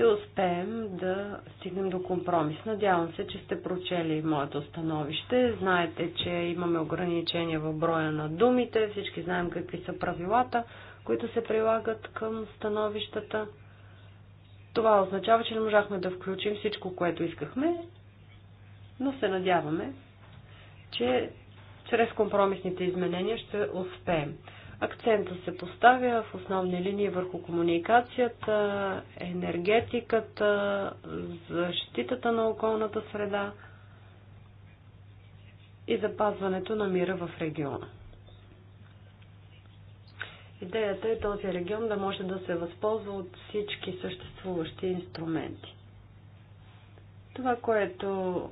ще успеем да стигнем до компромис. Надявам се, че сте прочели моето становище. Знаете, че имаме ограничения в броя на думите. Всички знаем какви са правилата, които се прилагат към становищата. Това означава, че не можахме да включим всичко, което искахме, но се надяваме, че чрез компромисните изменения ще успеем. Акцента се поставя в основни линии върху комуникацията, енергетиката, защитата на околната среда и запазването на мира в региона. Идеята е този регион да може да се възползва от всички съществуващи инструменти. Това, което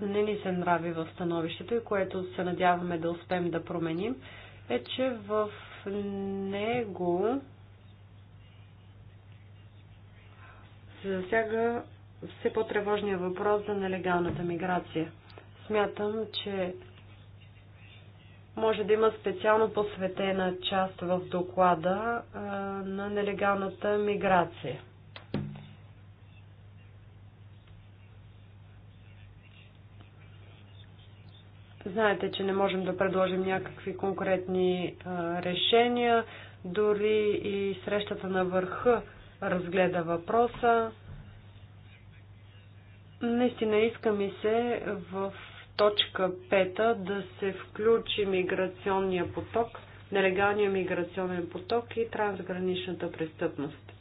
не ни се нрави в становището и което се надяваме да успеем да променим, е, че в него се засяга все по-тревожния въпрос за нелегалната миграция. Смятам, че може да има специално посветена част в доклада а, на нелегалната миграция. Знаете, че не можем да предложим някакви конкретни а, решения. Дори и срещата на върха разгледа въпроса. Наистина иска ми се в точка 5 да се включи миграционния поток, нелегалния миграционен поток и трансграничната престъпност.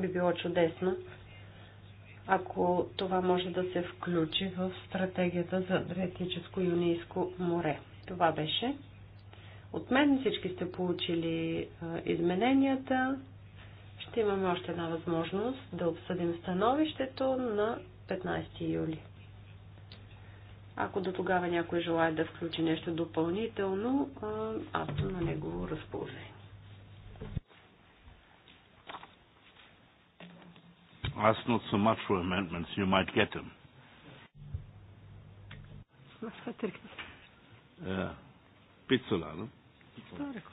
Би било чудесно ако това може да се включи в стратегията за Адриатическо Юнийско море. Това беше. От мен всички сте получили измененията. Ще имаме още една възможност да обсъдим становището на 15 юли. Ако до тогава някой желая да включи нещо допълнително, аз съм на негово разположение. ask not so much for amendments, you might get them. Pizzola, no?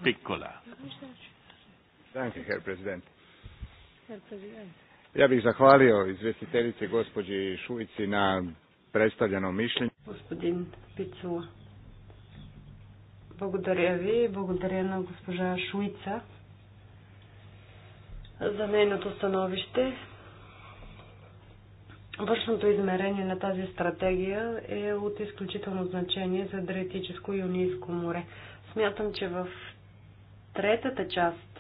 Piccola. Thank you, Herr President. Herr President. Ja bih zahvalio izvjestiteljici gospođi Šuici na представено мишлене. Господин Пицула. Благодаря ви. Благодаря на госпожа Шуица за нейното становище. Външното измерение на тази стратегия е от изключително значение за Адриатическо и Юнийско море. Смятам, че в третата част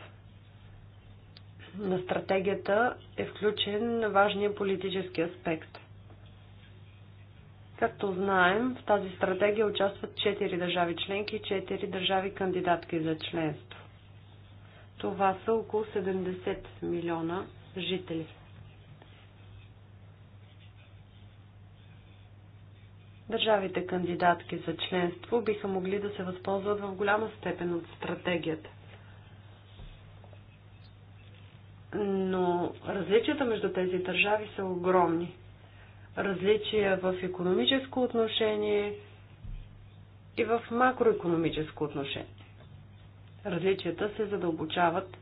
на стратегията е включен важния политически аспект. Както знаем, в тази стратегия участват 4 държави членки и 4 държави кандидатки за членство. Това са около 70 милиона жители. Държавите кандидатки за членство биха могли да се възползват в голяма степен от стратегията. Но различията между тези държави са огромни. Различия в економическо отношение и в макроекономическо отношение. Различията се задълбочават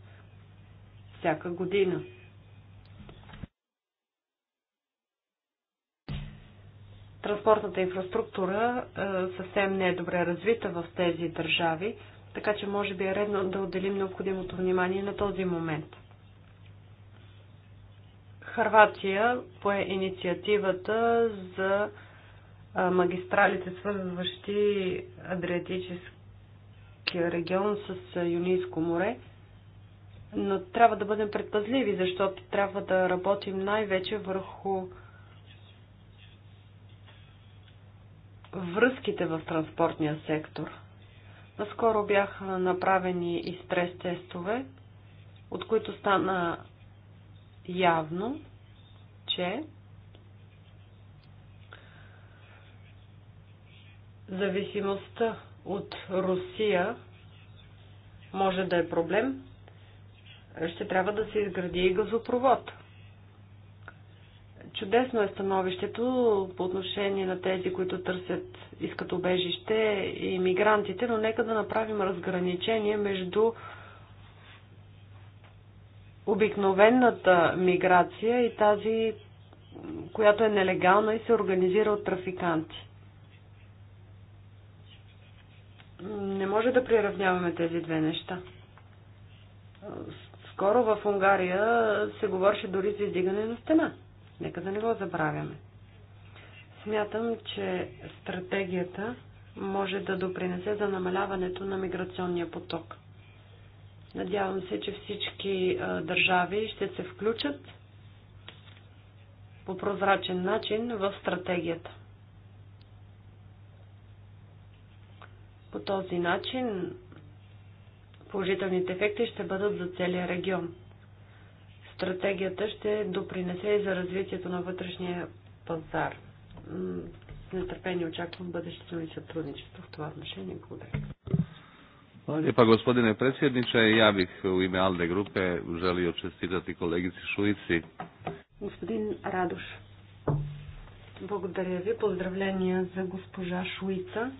всяка година. Транспортната инфраструктура е, съвсем не е добре развита в тези държави, така че може би е редно да отделим необходимото внимание на този момент. Харватия пое инициативата за е, магистралите, свързващи Адриатическия регион с е, Юнийско море. Но трябва да бъдем предпазливи, защото трябва да работим най-вече върху връзките в транспортния сектор. Наскоро бяха направени и стрес тестове, от които стана явно, че зависимостта от Русия може да е проблем. Ще трябва да се изгради и газопровод. Чудесно е становището по отношение на тези, които търсят, искат обежище и мигрантите, но нека да направим разграничение между обикновената миграция и тази, която е нелегална и се организира от трафиканти. Не може да приравняваме тези две неща. Скоро в Унгария се говореше дори за издигане на стена. Нека да не го забравяме. Смятам, че стратегията може да допринесе за намаляването на миграционния поток. Надявам се, че всички държави ще се включат по прозрачен начин в стратегията. По този начин положителните ефекти ще бъдат за целия регион. Стратегията ще допринесе и за развитието на вътрешния пазар. С нетърпение очаквам бъдещето ни сътрудничество в това отношение. Благодаря. Hvala lijepa gospodine predsjedniče. Ja bih u ime Alde grupe želio čestitati kolegici Šuici. Господин Радош, благодаря ви. Поздравления за госпожа Шуица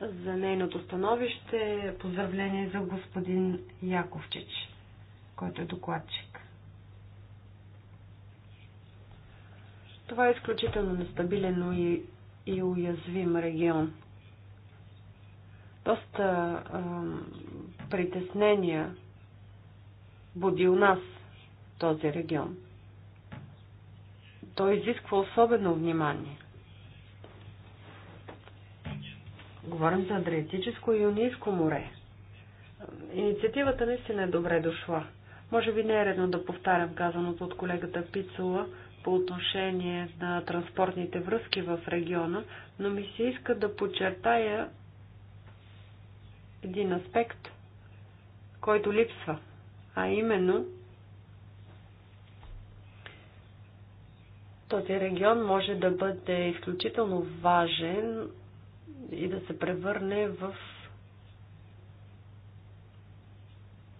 за нейното становище. Поздравление за господин Яковчич, който е докладчик. Това е изключително нестабилен и, и уязвим регион. Доста а, притеснения буди у нас този регион. Той изисква особено внимание – Говорим за Адриатическо и Юнийско море. Инициативата наистина е добре дошла. Може би не е редно да повтарям казаното от колегата Пицула по отношение на транспортните връзки в региона, но ми се иска да подчертая един аспект, който липсва, а именно този регион може да бъде изключително важен и да се превърне в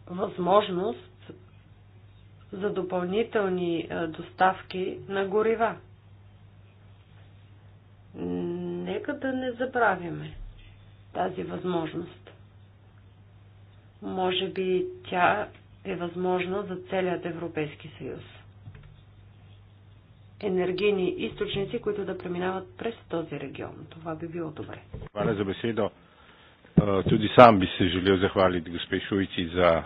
възможност за допълнителни доставки на горива. Нека да не забравяме тази възможност. Може би тя е възможна за целият Европейски съюз енергийни източници, които да преминават през този регион. Това би било добре. Hvala за besedo. Туди сам би се želel захвалити господин Шуици за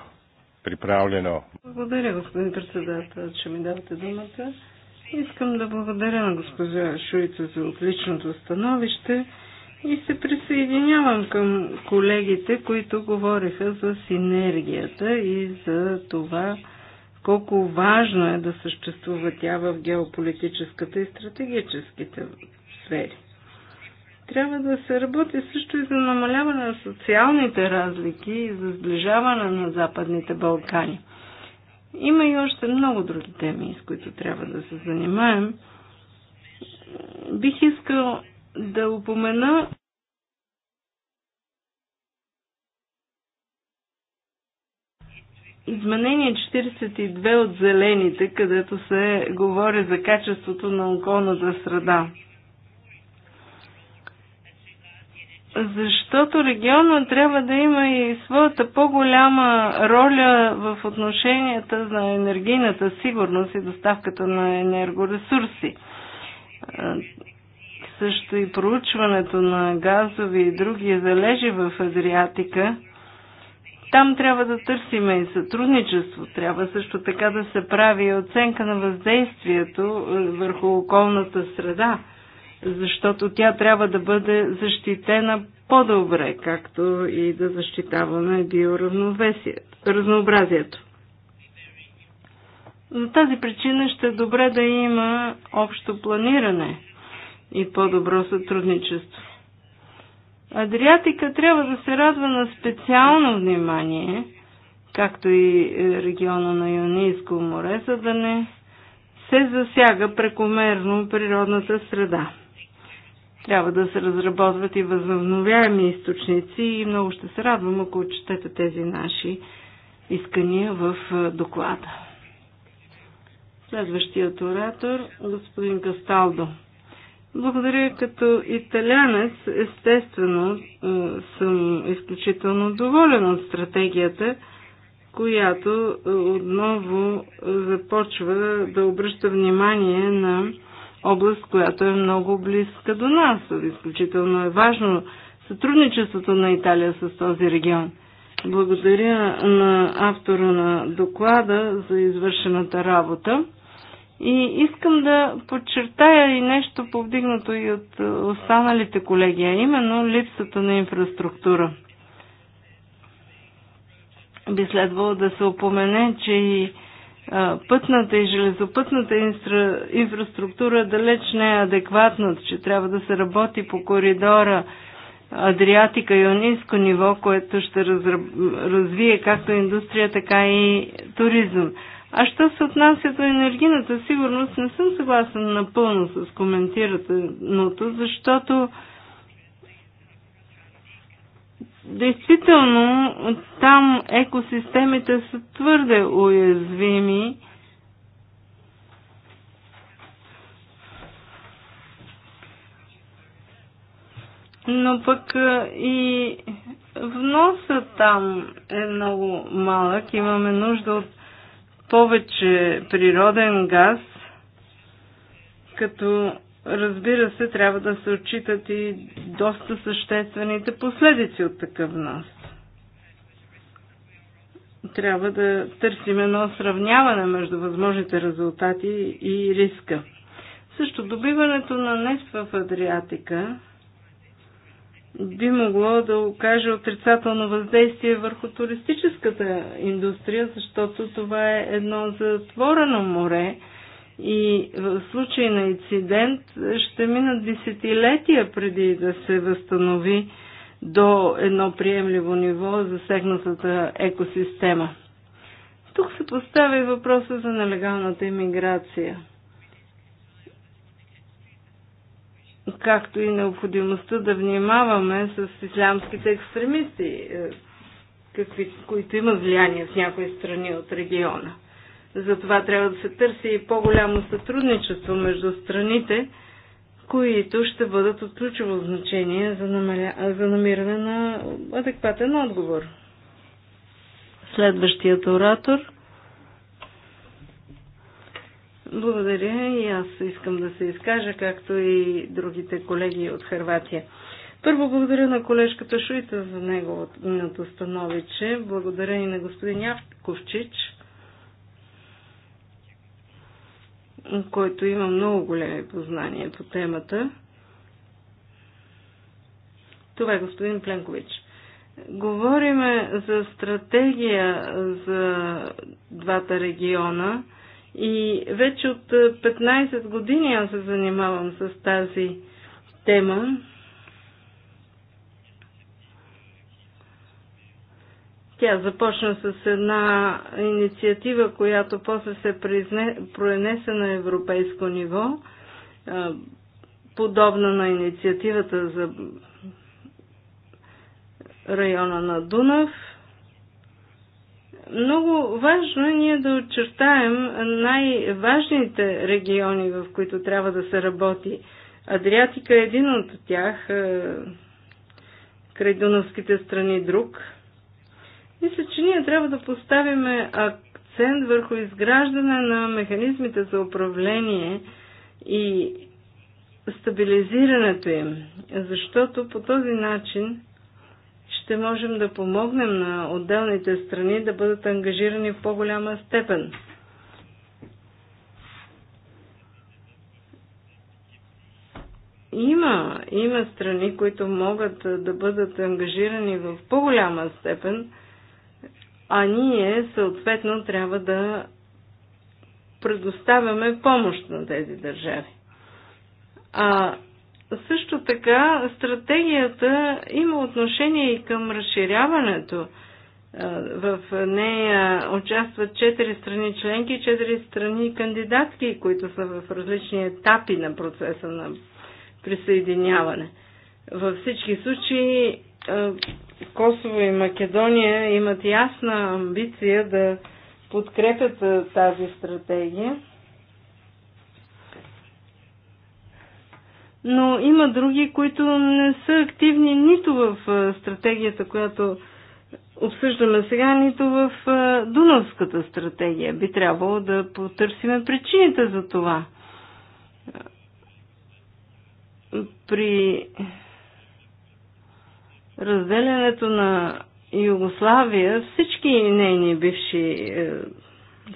приправлено. Благодаря, господин председател, че ми давате думата. Искам да благодаря на госпожа Шуица за отличното становище и се присъединявам към колегите, които говориха за синергията и за това колко важно е да съществува тя в геополитическата и стратегическите сфери. Трябва да се работи също и за намаляване на социалните разлики и за сближаване на Западните Балкани. Има и още много други теми, с които трябва да се занимаем. Бих искал да упомена Изменение 42 от зелените, където се говори за качеството на околната среда. Защото региона трябва да има и своята по-голяма роля в отношенията на енергийната сигурност и доставката на енергоресурси. Също и проучването на газови и други залежи в Адриатика – там трябва да търсиме и сътрудничество. Трябва също така да се прави оценка на въздействието е, върху околната среда, защото тя трябва да бъде защитена по-добре, както и да защитаваме разнообразието. За тази причина ще е добре да има общо планиране и по-добро сътрудничество. Адриатика трябва да се радва на специално внимание, както и е, региона на Юнийско море, за да не се засяга прекомерно природната среда. Трябва да се разработват и възобновяеми източници и много ще се радвам, ако четете тези наши искания в е, доклада. Следващият оратор, господин Касталдо. Благодаря като италянец, естествено съм изключително доволен от стратегията, която е, отново е, започва да обръща внимание на област, която е много близка до нас. Изключително е важно сътрудничеството на Италия с този регион. Благодаря на автора на доклада за извършената работа. И искам да подчертая и нещо повдигнато и от останалите колеги, а именно липсата на инфраструктура. Би следвало да се опомене, че и пътната и железопътната инфраструктура далеч не е адекватна, че трябва да се работи по коридора Адриатика и Ионийско ниво, което ще развие както индустрия, така и туризъм. А що се отнася до енергийната сигурност, не съм съгласна напълно с коментираното, защото действително там екосистемите са твърде уязвими. Но пък и вноса там е много малък. Имаме нужда от повече природен газ, като разбира се, трябва да се отчитат и доста съществените последици от такъв нас. Трябва да търсим едно сравняване между възможните резултати и риска. Също добиването на нефт в Адриатика би могло да окаже отрицателно въздействие върху туристическата индустрия, защото това е едно затворено море и в случай на инцидент ще минат десетилетия преди да се възстанови до едно приемливо ниво засегнатата екосистема. Тук се поставя и въпроса за нелегалната иммиграция – както и необходимостта да внимаваме с ислямските екстремисти, е, какви, които имат влияние в някои страни от региона. Затова трябва да се търси и по-голямо сътрудничество между страните, които ще бъдат от ключово значение за, намаля... за намиране на адекватен отговор. Следващият оратор – благодаря и аз искам да се изкажа, както и другите колеги от Харватия. Първо благодаря на колежката Шуйта за неговото становище. Благодаря и на господин Явковчич, който има много големи познания по темата. Това е господин Пленкович. Говориме за стратегия за двата региона – и вече от 15 е, години аз се занимавам с тази тема. Тя започна с една инициатива, която после се призне, на европейско ниво, е, подобна на инициативата за района на Дунав – много важно е ние да очертаем най-важните региони, в които трябва да се работи. Адриатика е един от тях, е, край Дунавските страни друг. Мисля, че ние трябва да поставим акцент върху изграждане на механизмите за управление и стабилизирането им, защото по този начин ще можем да помогнем на отделните страни да бъдат ангажирани в по-голяма степен. Има, има страни, които могат да бъдат ангажирани в по-голяма степен, а ние съответно трябва да предоставяме помощ на тези държави. А също така, стратегията има отношение и към разширяването. Е, в нея участват четири страни членки, четири страни кандидатки, които са в различни етапи на процеса на присъединяване. Във всички случаи е, Косово и Македония имат ясна амбиция да подкрепят е, тази стратегия но има други, които не са активни нито в стратегията, която обсъждаме сега, нито в Дунавската стратегия. Би трябвало да потърсиме причините за това. При разделянето на Югославия всички нейни бивши е,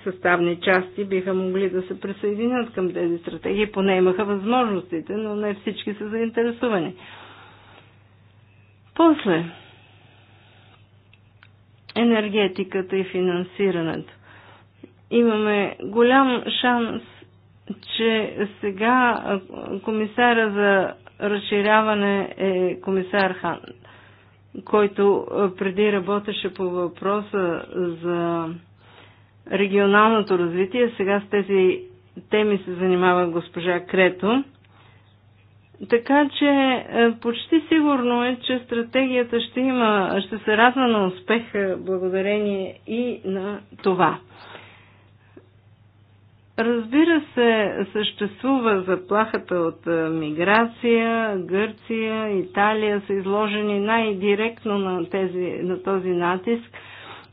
съставни части биха могли да се присъединят към тези стратегии, поне имаха възможностите, но не всички са заинтересувани. После, енергетиката и финансирането. Имаме голям шанс, че сега комисара за разширяване е комисар Хан, който преди работеше по въпроса за регионалното развитие. Сега с тези теми се занимава госпожа Крето. Така че е, почти сигурно е, че стратегията ще, има, ще се радва на успех благодарение и на това. Разбира се, съществува заплахата от е, миграция. Гърция, Италия са изложени най-директно на, тези, на този натиск –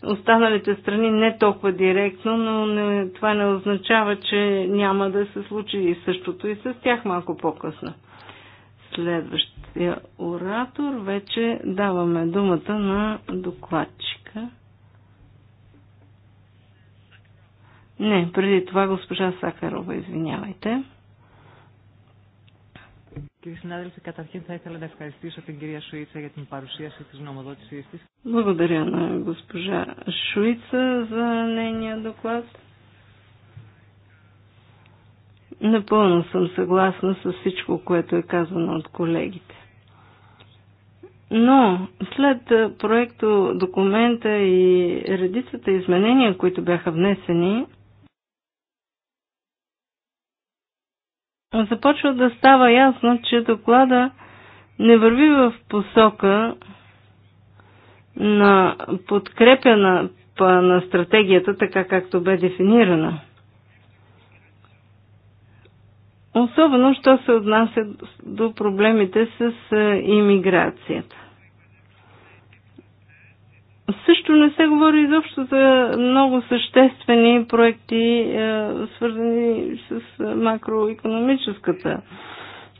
останалите страни не толкова директно, но не, това не означава, че няма да се случи и същото и с тях малко по-късно. Следващия оратор вече даваме думата на докладчика. Не, преди това госпожа Сакарова, извинявайте. Κύριε συνάδελφε, καταρχήν θα ήθελα να ευχαριστήσω την κυρία Σουίτσα για την παρουσίαση της νομοδότησής της. Благодаря на госпожа Шуица за нейния доклад. Напълно съм съгласна с всичко, което е казано от колегите. Но след проекто документа и редицата изменения, които бяха внесени, започва да става ясно, че доклада не върви в посока на подкрепя на, на стратегията, така както бе дефинирана. Особено, що се отнася до проблемите с е, имиграцията. Също не се говори изобщо за много съществени проекти, е, свързани с е, макроекономическата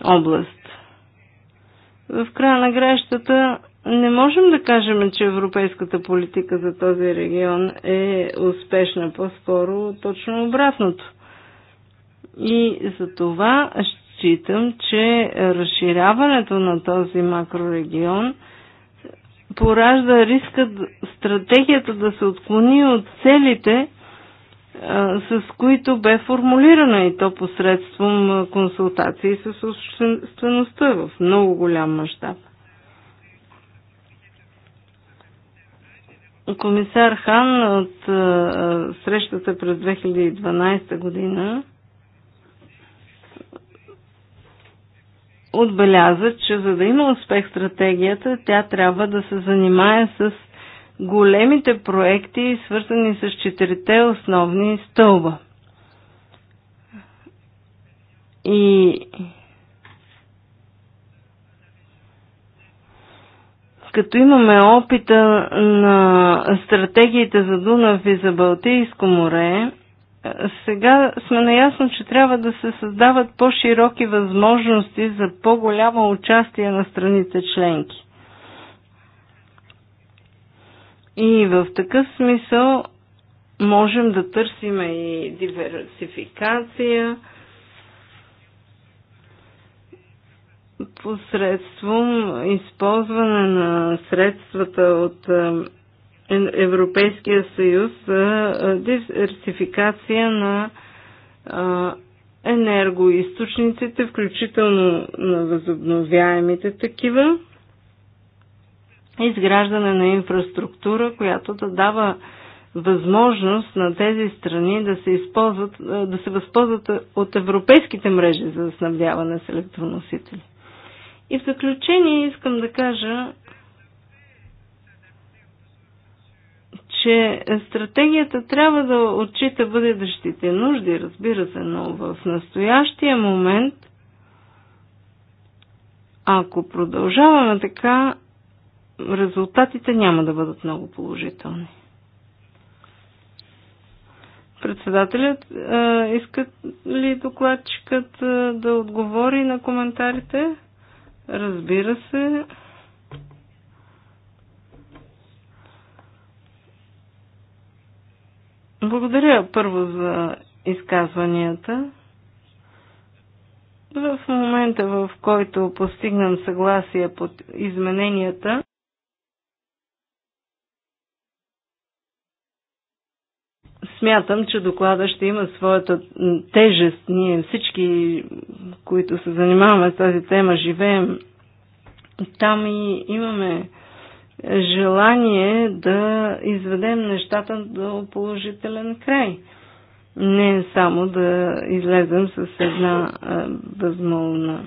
област. В края на гращата не можем да кажем, че европейската политика за този регион е успешна, по-скоро точно обратното. И за това считам, че разширяването на този макрорегион – поражда риска стратегията да се отклони от целите, с които бе формулирана и то посредством консултации с обществеността в много голям мащаб. Комисар Хан от срещата през 2012 година отбеляза, че за да има успех стратегията, тя трябва да се занимае с големите проекти, свързани с четирите основни стълба. И като имаме опита на стратегиите за Дунав и за Балтийско море, сега сме наясно, че трябва да се създават по-широки възможности за по-голямо участие на страните членки. И в такъв смисъл можем да търсим и диверсификация посредством използване на средствата от Европейския съюз за диверсификация на енергоисточниците, включително на възобновяемите такива, изграждане на инфраструктура, която да дава възможност на тези страни да се, използват, да се възползват от европейските мрежи за снабдяване с електроносители. И в заключение искам да кажа, че стратегията трябва да отчита бъдещите нужди, разбира се, но в настоящия момент, ако продължаваме така, резултатите няма да бъдат много положителни. Председателят а, иска ли докладчикът а, да отговори на коментарите? Разбира се. Благодаря първо за изказванията. В момента, в който постигнам съгласие под измененията, смятам, че доклада ще има своята тежест. Ние всички, които се занимаваме с тази тема, живеем там и имаме желание да изведем нещата до положителен край. Не само да излезем с една безмолна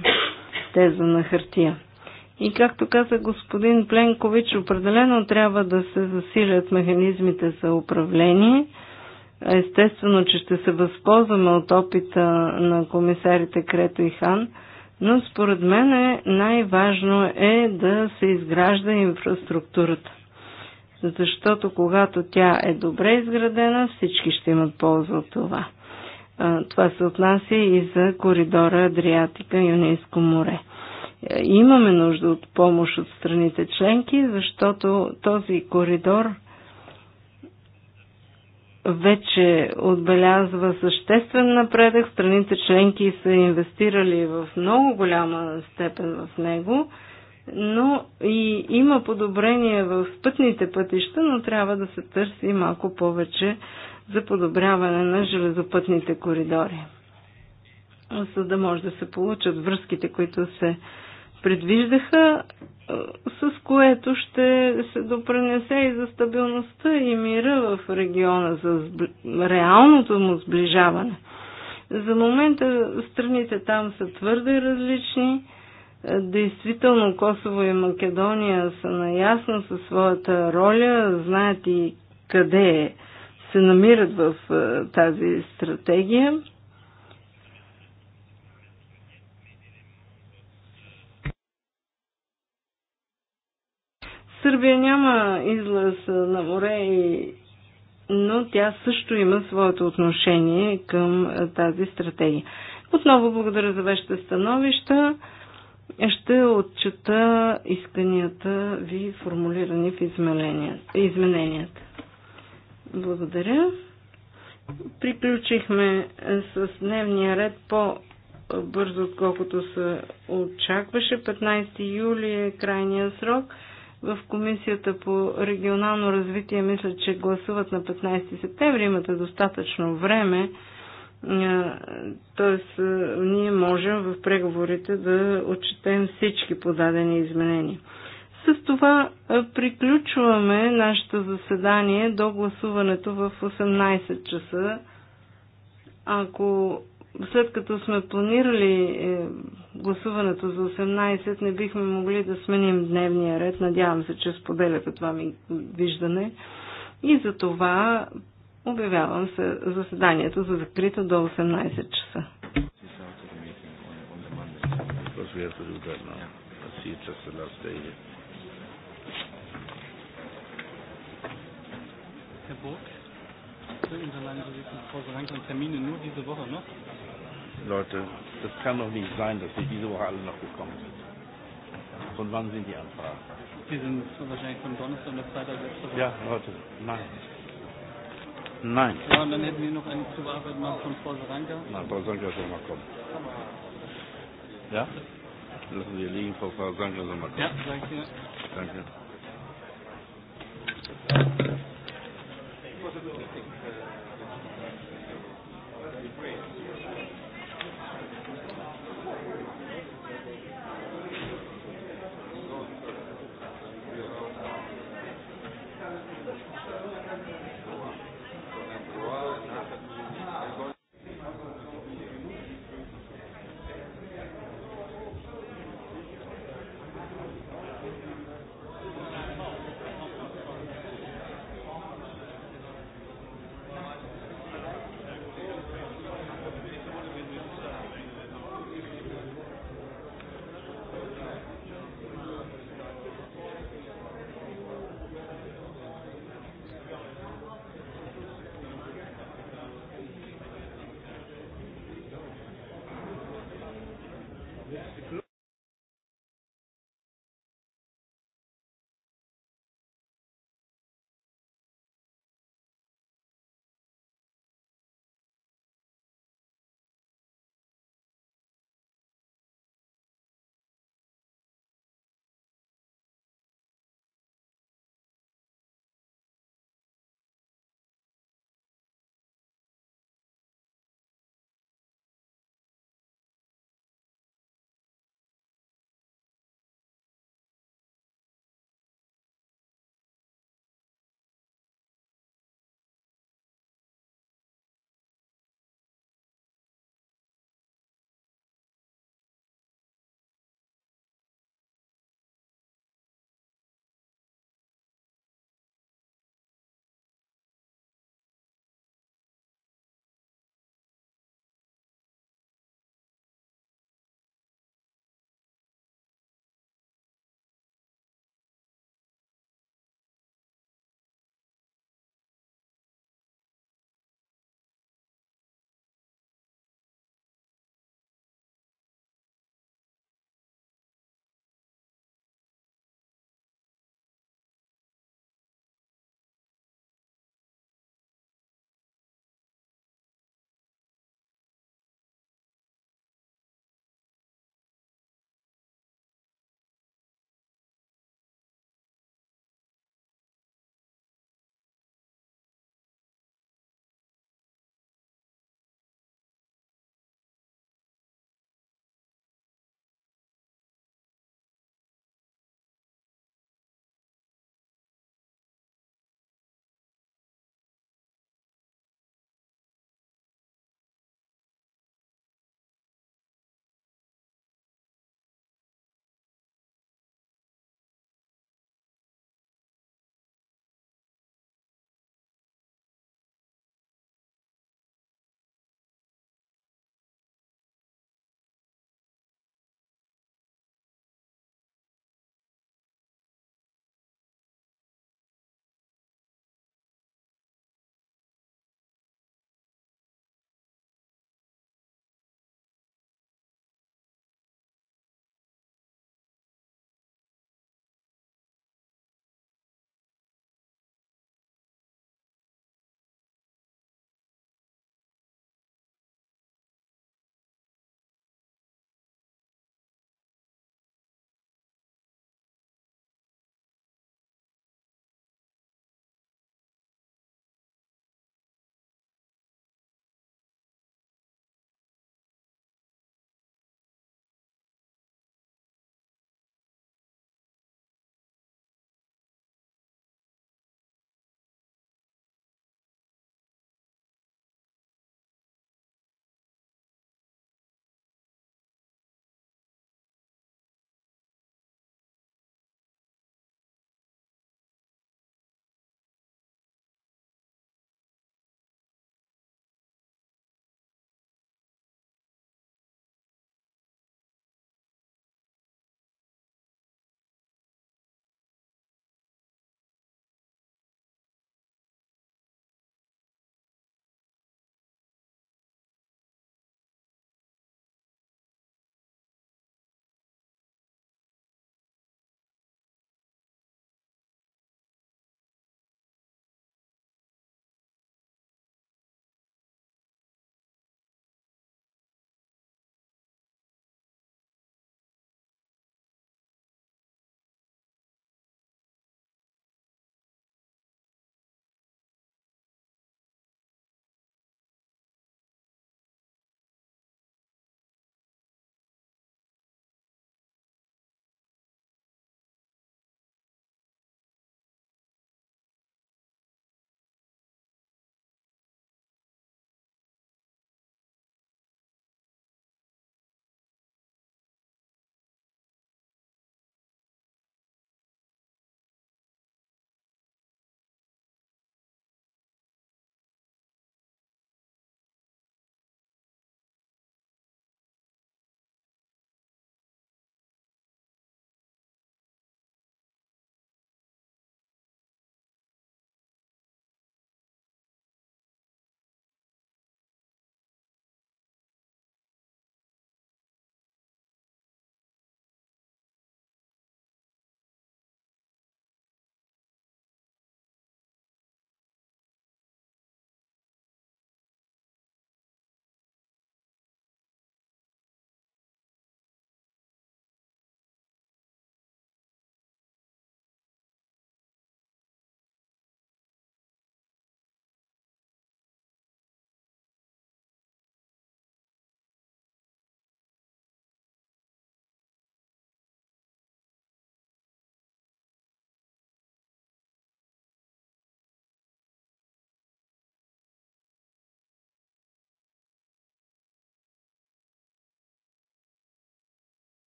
теза на хартия. И както каза господин Пленкович, определено трябва да се засилят механизмите за управление. Естествено, че ще се възползваме от опита на комисарите Крето и Хан – но според мен е най-важно е да се изгражда инфраструктурата. Защото когато тя е добре изградена, всички ще имат полза от това. Това се отнася и за коридора Адриатика и Юнейско море. Имаме нужда от помощ от страните членки, защото този коридор вече отбелязва съществен напредък. Страните членки са инвестирали в много голяма степен в него, но и има подобрение в пътните пътища, но трябва да се търси малко повече за подобряване на железопътните коридори, за да може да се получат връзките, които се предвиждаха с което ще се допренесе и за стабилността и мира в региона, за реалното му сближаване. За момента страните там са твърде различни. Действително Косово и Македония са наясно със своята роля, знаят и къде се намират в е, тази стратегия. Сърбия няма излъз на море, и... но тя също има своето отношение към тази стратегия. Отново благодаря за вашите становища. Ще отчета исканията ви, формулирани в измененията. Благодаря. Приключихме с дневния ред по бързо, отколкото се очакваше. 15 юли е крайния срок в Комисията по регионално развитие мисля, че гласуват на 15 септември. Имате достатъчно време. Т.е. Е, ние можем в преговорите да отчетем всички подадени изменения. С това е, приключваме нашето заседание до гласуването в 18 часа. Ако след като сме планирали е, гласуването за 18, не бихме могли да сменим дневния ред. Надявам се, че споделяте това ми виждане. И за това обявявам се заседанието за закрито до 18 часа. Herr Burg, in der Lange, Sie vor Termine nur diese Woche noch? Leute, das kann doch nicht sein, dass sie diese Woche alle noch gekommen sind. Von wann sind die Anfragen? Sie sind wahrscheinlich von Donnerstag und Freitag letzte Woche. Ja, Leute, nein. Nein. Ja, und dann hätten wir noch eine machen von Frau Saranka. Nein, Frau Saranka soll mal kommen. Ja? Lassen Sie liegen, Frau Saranka soll mal kommen. Ja, danke. Danke. Thank you.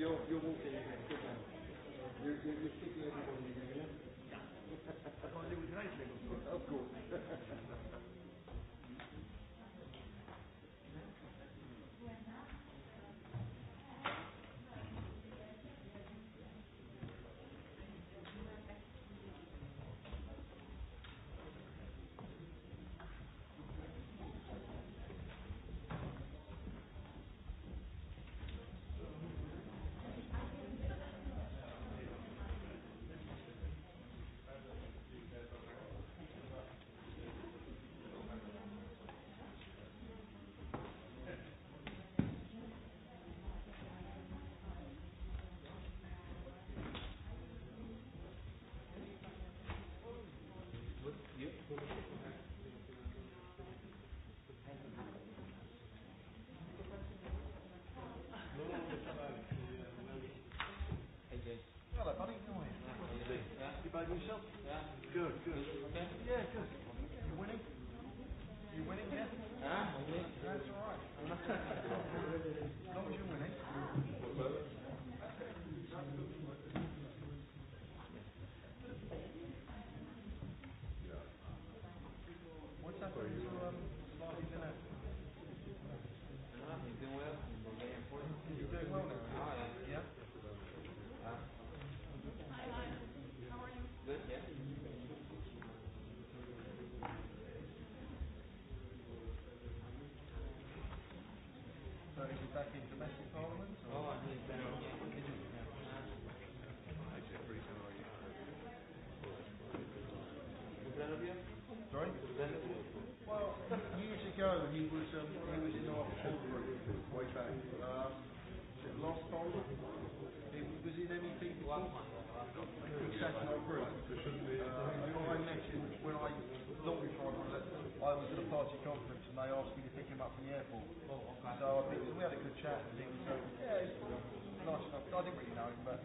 you're, you're walking in here. You're, you're, you're sticking everybody in here. Yeah. I can't do with your of course. satisfied with yourself? Yeah. Good, good. Okay? Yeah, good. You winning? You winning, yeah? Huh? That's all right. As long as you're winning. So I think we had a good chat. I think so. Yeah, it's nice I didn't really know him, but.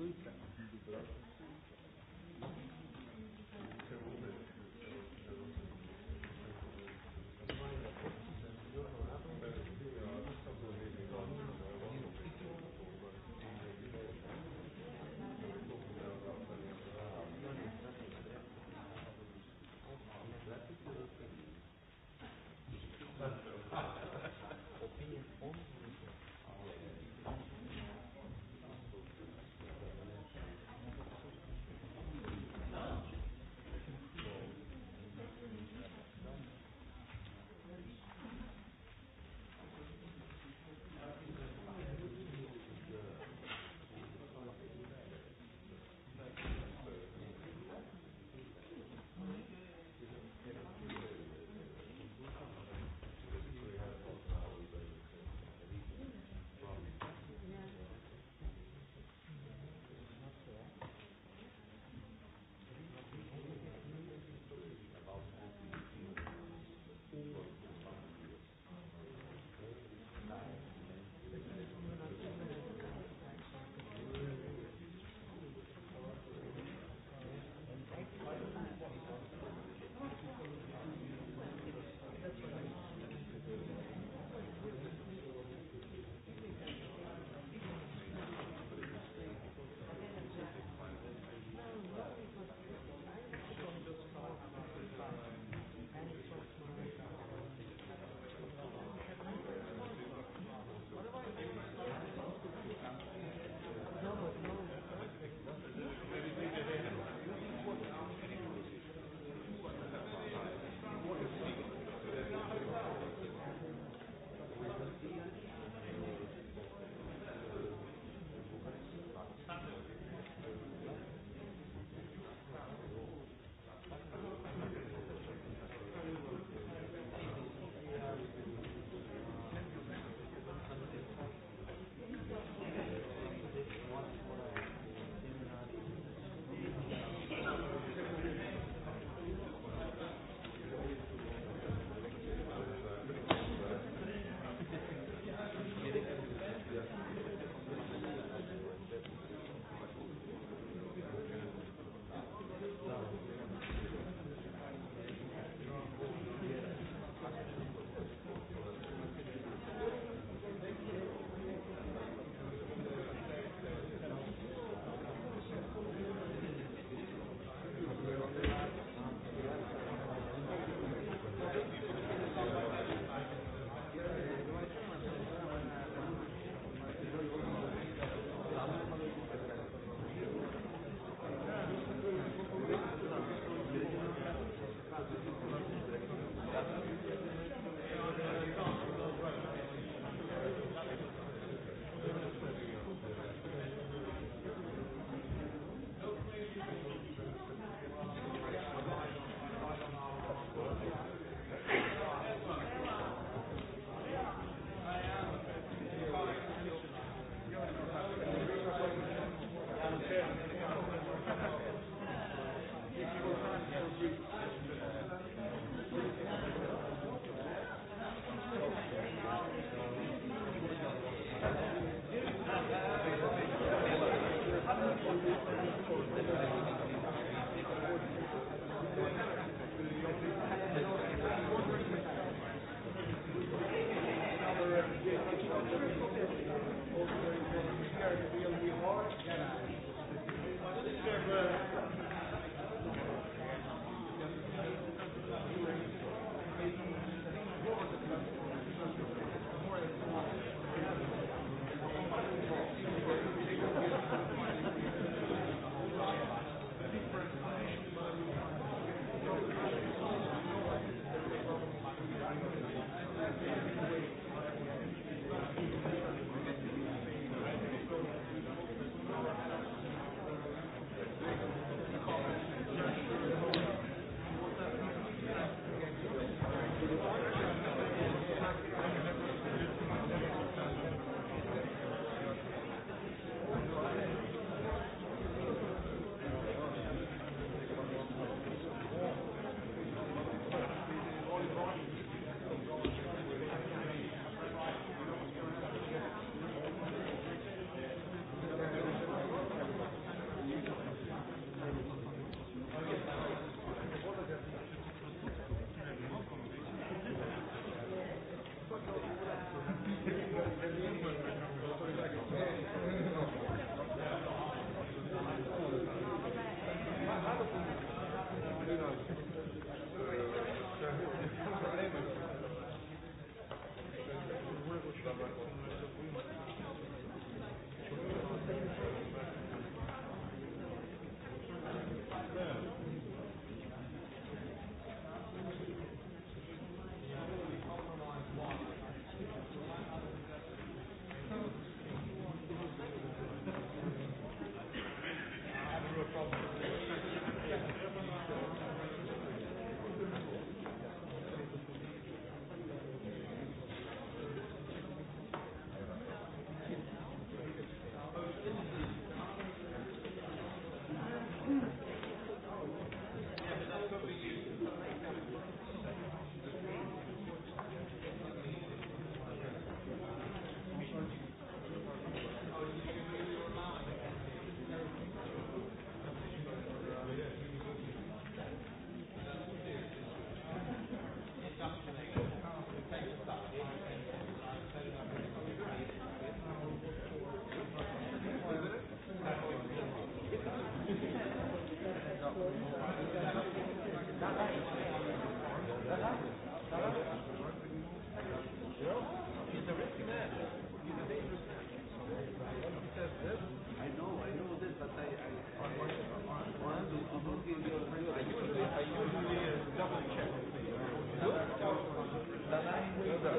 Thank you.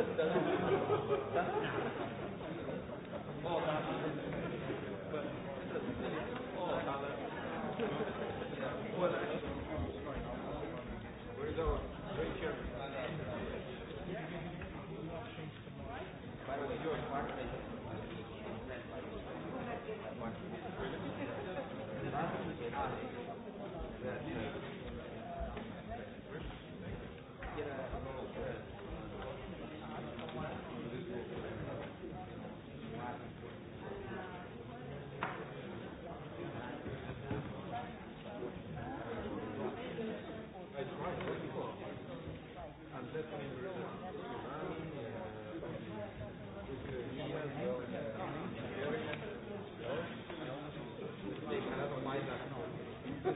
Thank you.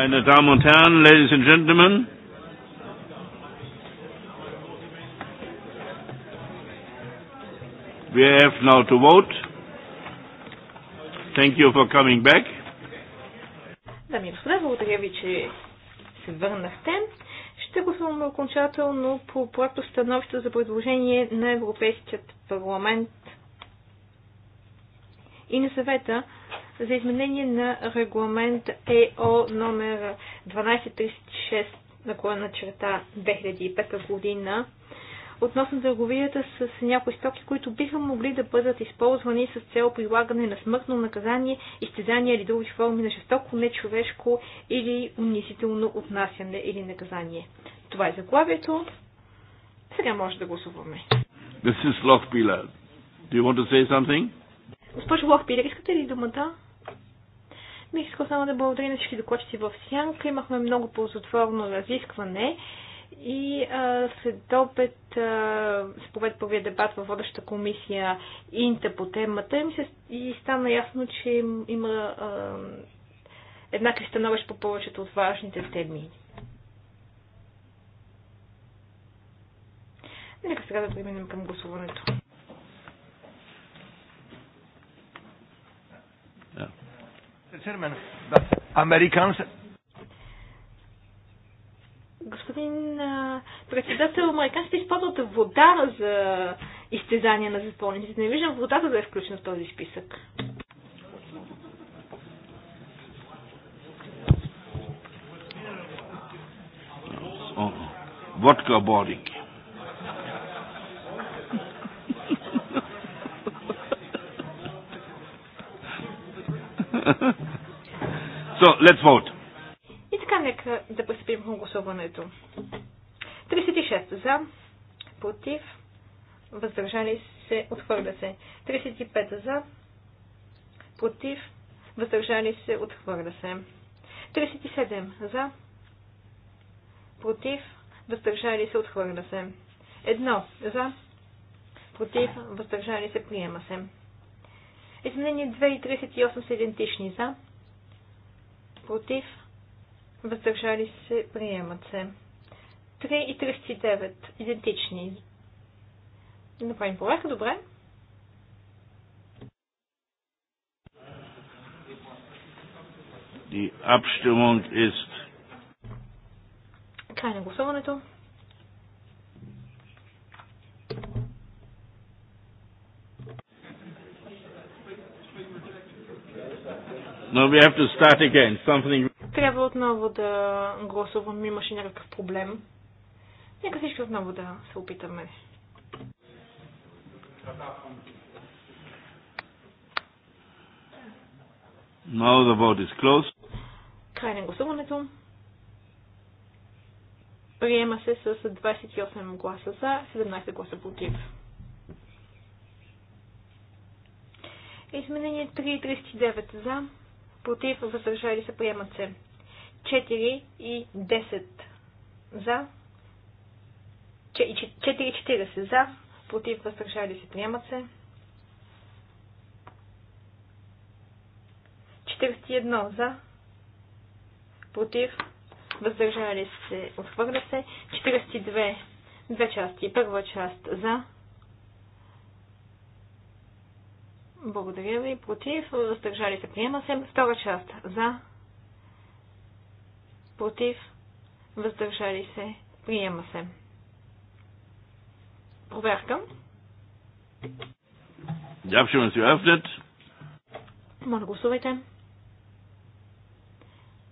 Meine Damen und Herren, Ladies and Gentlemen, we have now to vote. Thank you for coming back. Дами и господа, благодаря ви, че се върнахте. Ще гласуваме окончателно по проекто становище за предложение на Европейският парламент и на съвета за изменение на регламент ЕО номер 1236 на черта 2005 година относно търговията с някои стоки, които биха могли да бъдат използвани с цел прилагане на смъртно наказание, изтезание или други форми на жестоко, нечовешко или унизително отнасяне или наказание. Това е заглавието. Сега може да гласуваме. This is Lochbieler. Do you want to say something? Госпожо пили, искате ли думата? Бих искал само да благодаря на всички докладчици в Сянка. Имахме много ползотворно разискване и а, след обед а, се първия дебат във водеща комисия Инта по темата и, се, и стана ясно, че има а, еднакви становища по повечето от важните теми. Нека сега да преминем към гласуването. Господин председател, председател, американците използват вода за изтезания на затворниците. Не виждам водата да е включена в този списък. Водка Борики. So, let's vote. И така, нека да пристъпим към гласуването. 36 за, против, въздържали се, отхвърля се. 35 за, против, въздържали се, отхвърля се. 37 за, против, въздържали се, отхвърля се. 1 за, против, въздържали се, приема се. Изменение 2 и 38 са идентични за, против, въздържали се, приемат се. 3 и 39, идентични. направим проверка, добре. Die Abstimmung ist. Край на гласуването. No, we have to start again. Something... Трябва отново да гласувам. Имаше някакъв проблем. Нека всички отново да се опитаме. Now the vote is closed. Край на гласуването. Приема се с 28 гласа за, 17 гласа против. Изменение 3.39 за против, въздържали се, приемат се. 4 и 10 за. 4 и 40 за, против, въздържали се, приемат се. 41 за, против, въздържали се, отхвърля се. 42, две части. Първа част за, Благодаря ви. Против, въздържали се, приема се. Втора част. За, против, въздържали се, приема се. Проверка. Дяпшима си Афлет. Моля, гласувайте.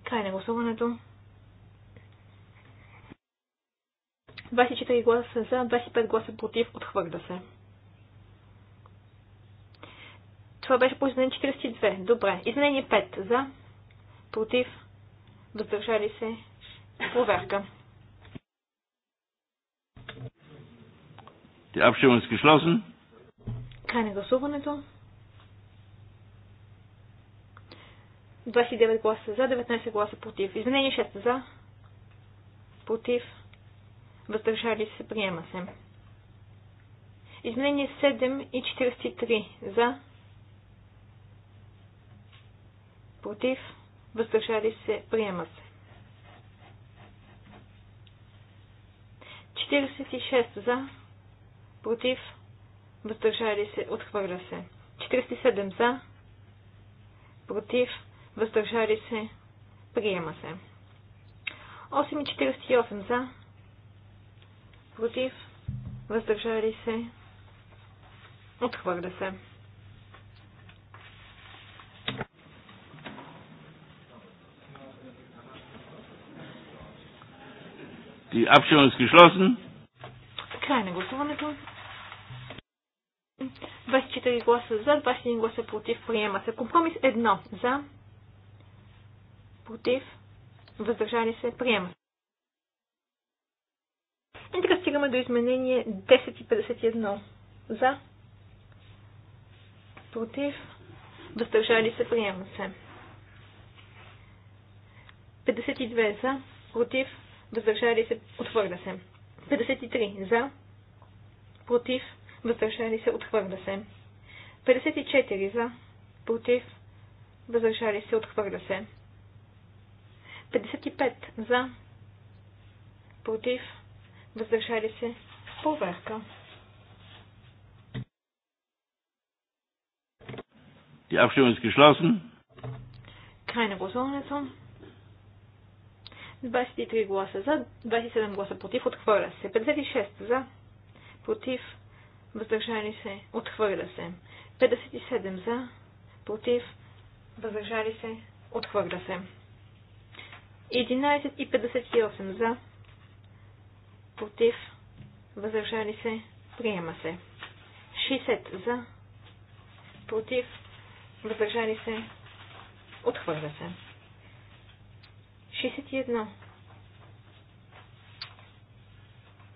Край на гласуването. 24 гласа за, 25 гласа против, отхвърля се. Това беше по изменение 42. Добре. Изменение 5. За. Против. Въздържали се. Проверка. Die Abstimmung ist geschlossen. Край на гласуването. 29 гласа за, 19 гласа против. Изменение 6 за. Против. Въздържали се. Приема се. Изменение 7 и 43 за против, въздържали се, приема се. 46 за, против, въздържали се, отхвърля се. 47 за, против, въздържали се, приема се. 8,48 за, против, въздържали се, отхвърля се. Die Abstimmung ist geschlossen. Край на гласуването. 24 гласа за, 21 гласа против. Приема се. Компромис 1 за, против, въздържали се. Приема се. И така стигаме до изменение 10.51. За, против, въздържали се, приема се. 52 за, против, въздържали се, отхвърля се. 53 за, против, въздържали се, отхвърля се. 54 за, против, въздържали се, отхвърля се. 55 за, против, въздържали се, проверка. Die Abstimmung ist geschlossen. Keine Großwohnung. 23 гласа за, 27 гласа против, отхвърля се. 56 за, против, въздържали се, отхвърля се. 57 за, против, въздържали се, отхвърля се. 11 и 58 за, против, въздържали се, приема се. 60 за, против, въздържали се, отхвърля се. 61.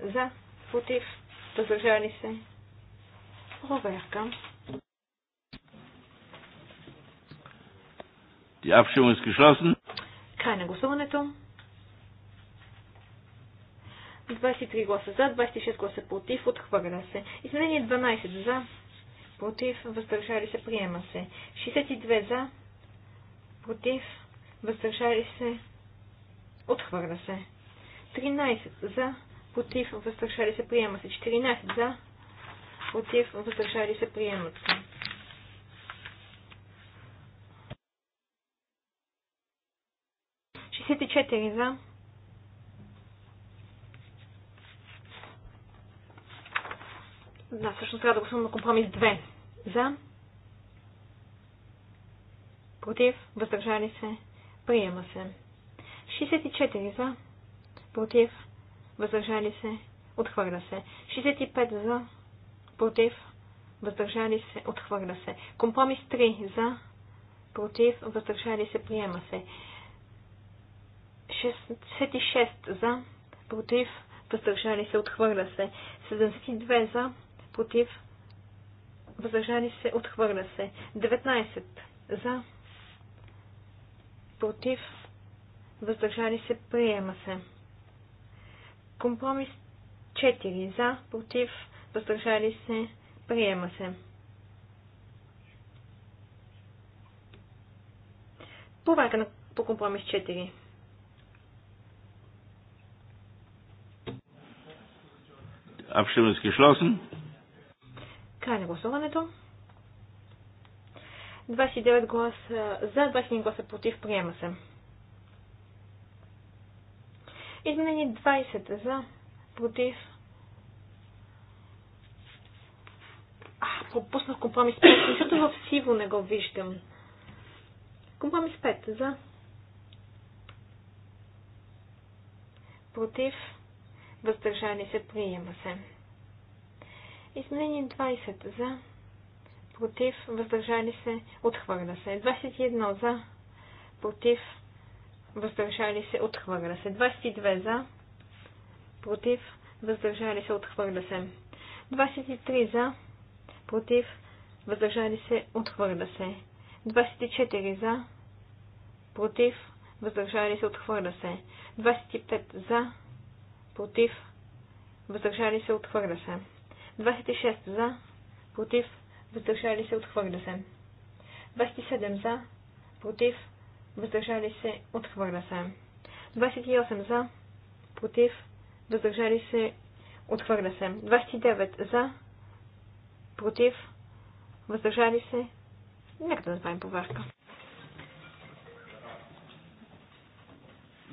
За, против, въздържали се. Проверка. Die Abstimmung ist geschlossen. Край на гласуването. 23 гласа за, 26 гласа против, отхвърля се. Изменение 12 за, против, въздържали се, приема се. 62 за, против, въздържали се, Отхвърля се. 13 за, против, въздържали се, приема се. 14 за, против, въздържали се, приемат се. Шестдесет за. Да, всъщност трябва да гласувам на компромис 2. За. Против, въздържали се, приема се. 64 за, против, въздържали се, отхвърля се. 65 за, против, въздържали се, отхвърля се. Компромис 3 за, против, въздържали се, приема се. 66 за, против, въздържали се, отхвърля се. 72 за, против, въздържали се, отхвърля се. 19 за, против, въздържали се, приема се. Компромис 4 за, против, въздържали се, приема се. Проверка на, по компромис 4. Abstimmung ist Край на гласуването. 29 гласа за, 21 гласа против, приема се. Изменени 20 за, против. А, пропуснах компромис 5, защото в сиво не го виждам. Компромис 5 за. Против. Въздържане се. Приема се. Изменени 20 за. Против. Въздържали се. Отхвърля се. 21 за. Против въздържали се, отхвърля се. 22 за, против, въздържали се, отхвърля се. 23 за, против, въздържали се, отхвърля се. 24 за, против, въздържали се, отхвърля се. 25 за, против, въздържали се, отхвърля се. 26 за, против, въздържали се, отхвърля се. 27 за, против, въздържали се, отхвърля се. 28 за, против, въздържали се, отхвърля се. 29 за, против, въздържали се. Нека да направим поварка.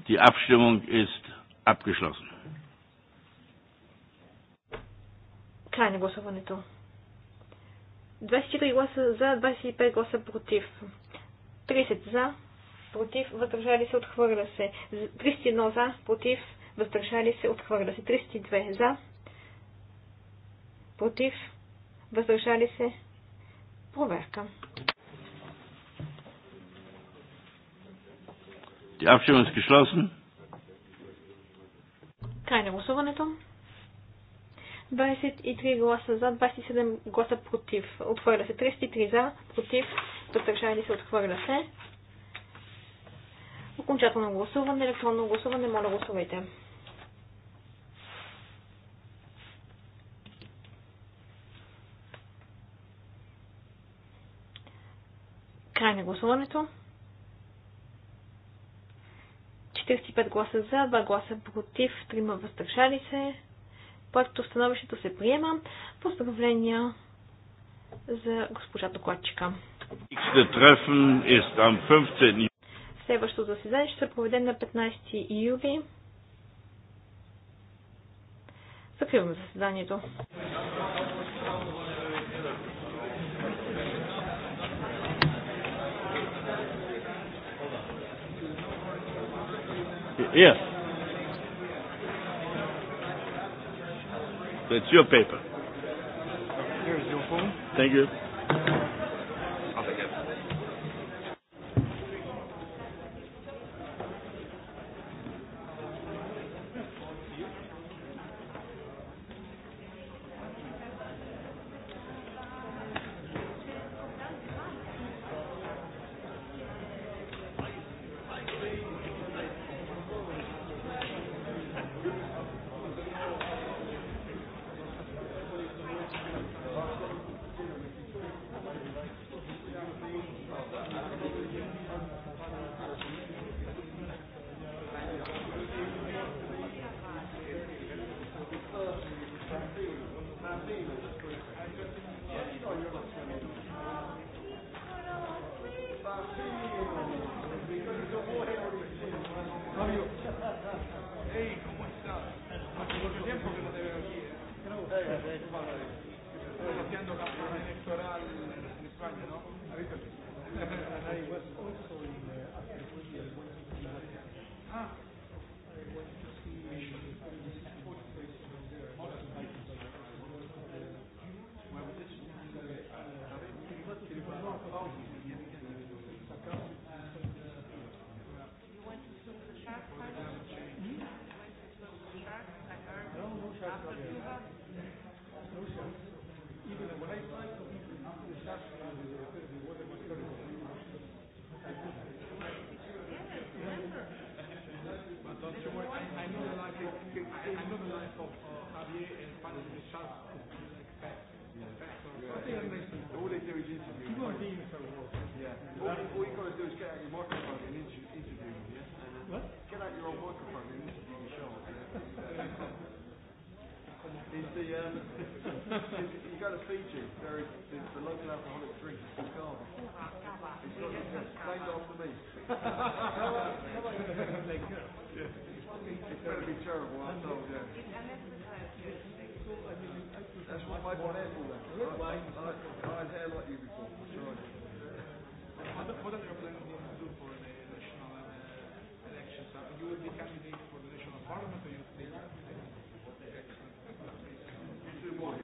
Die Abstimmung ist abgeschlossen. Край на гласуването. 23 гласа за, 25 гласа против. 30 за, против, въздържали се, отхвърля се. 31 за, против, въздържали се, отхвърля се. 32 за, против, въздържали се, проверка. Die Abstimmung Край на гласуването. 23 гласа за, 27 гласа против. Отхвърля се 33 за, против, въздържали се, отхвърля се. Окончателно гласуване, електронно гласуване, моля гласувайте. Край на гласуването. 45 гласа за, 2 гласа против, 3 въздържали се. Проекто становището се приема. Поздравления за госпожа докладчика. Следващото заседание ще се проведе на 15 юли. Закривам заседанието. Yes. It's your paper. Here's your phone. Thank you.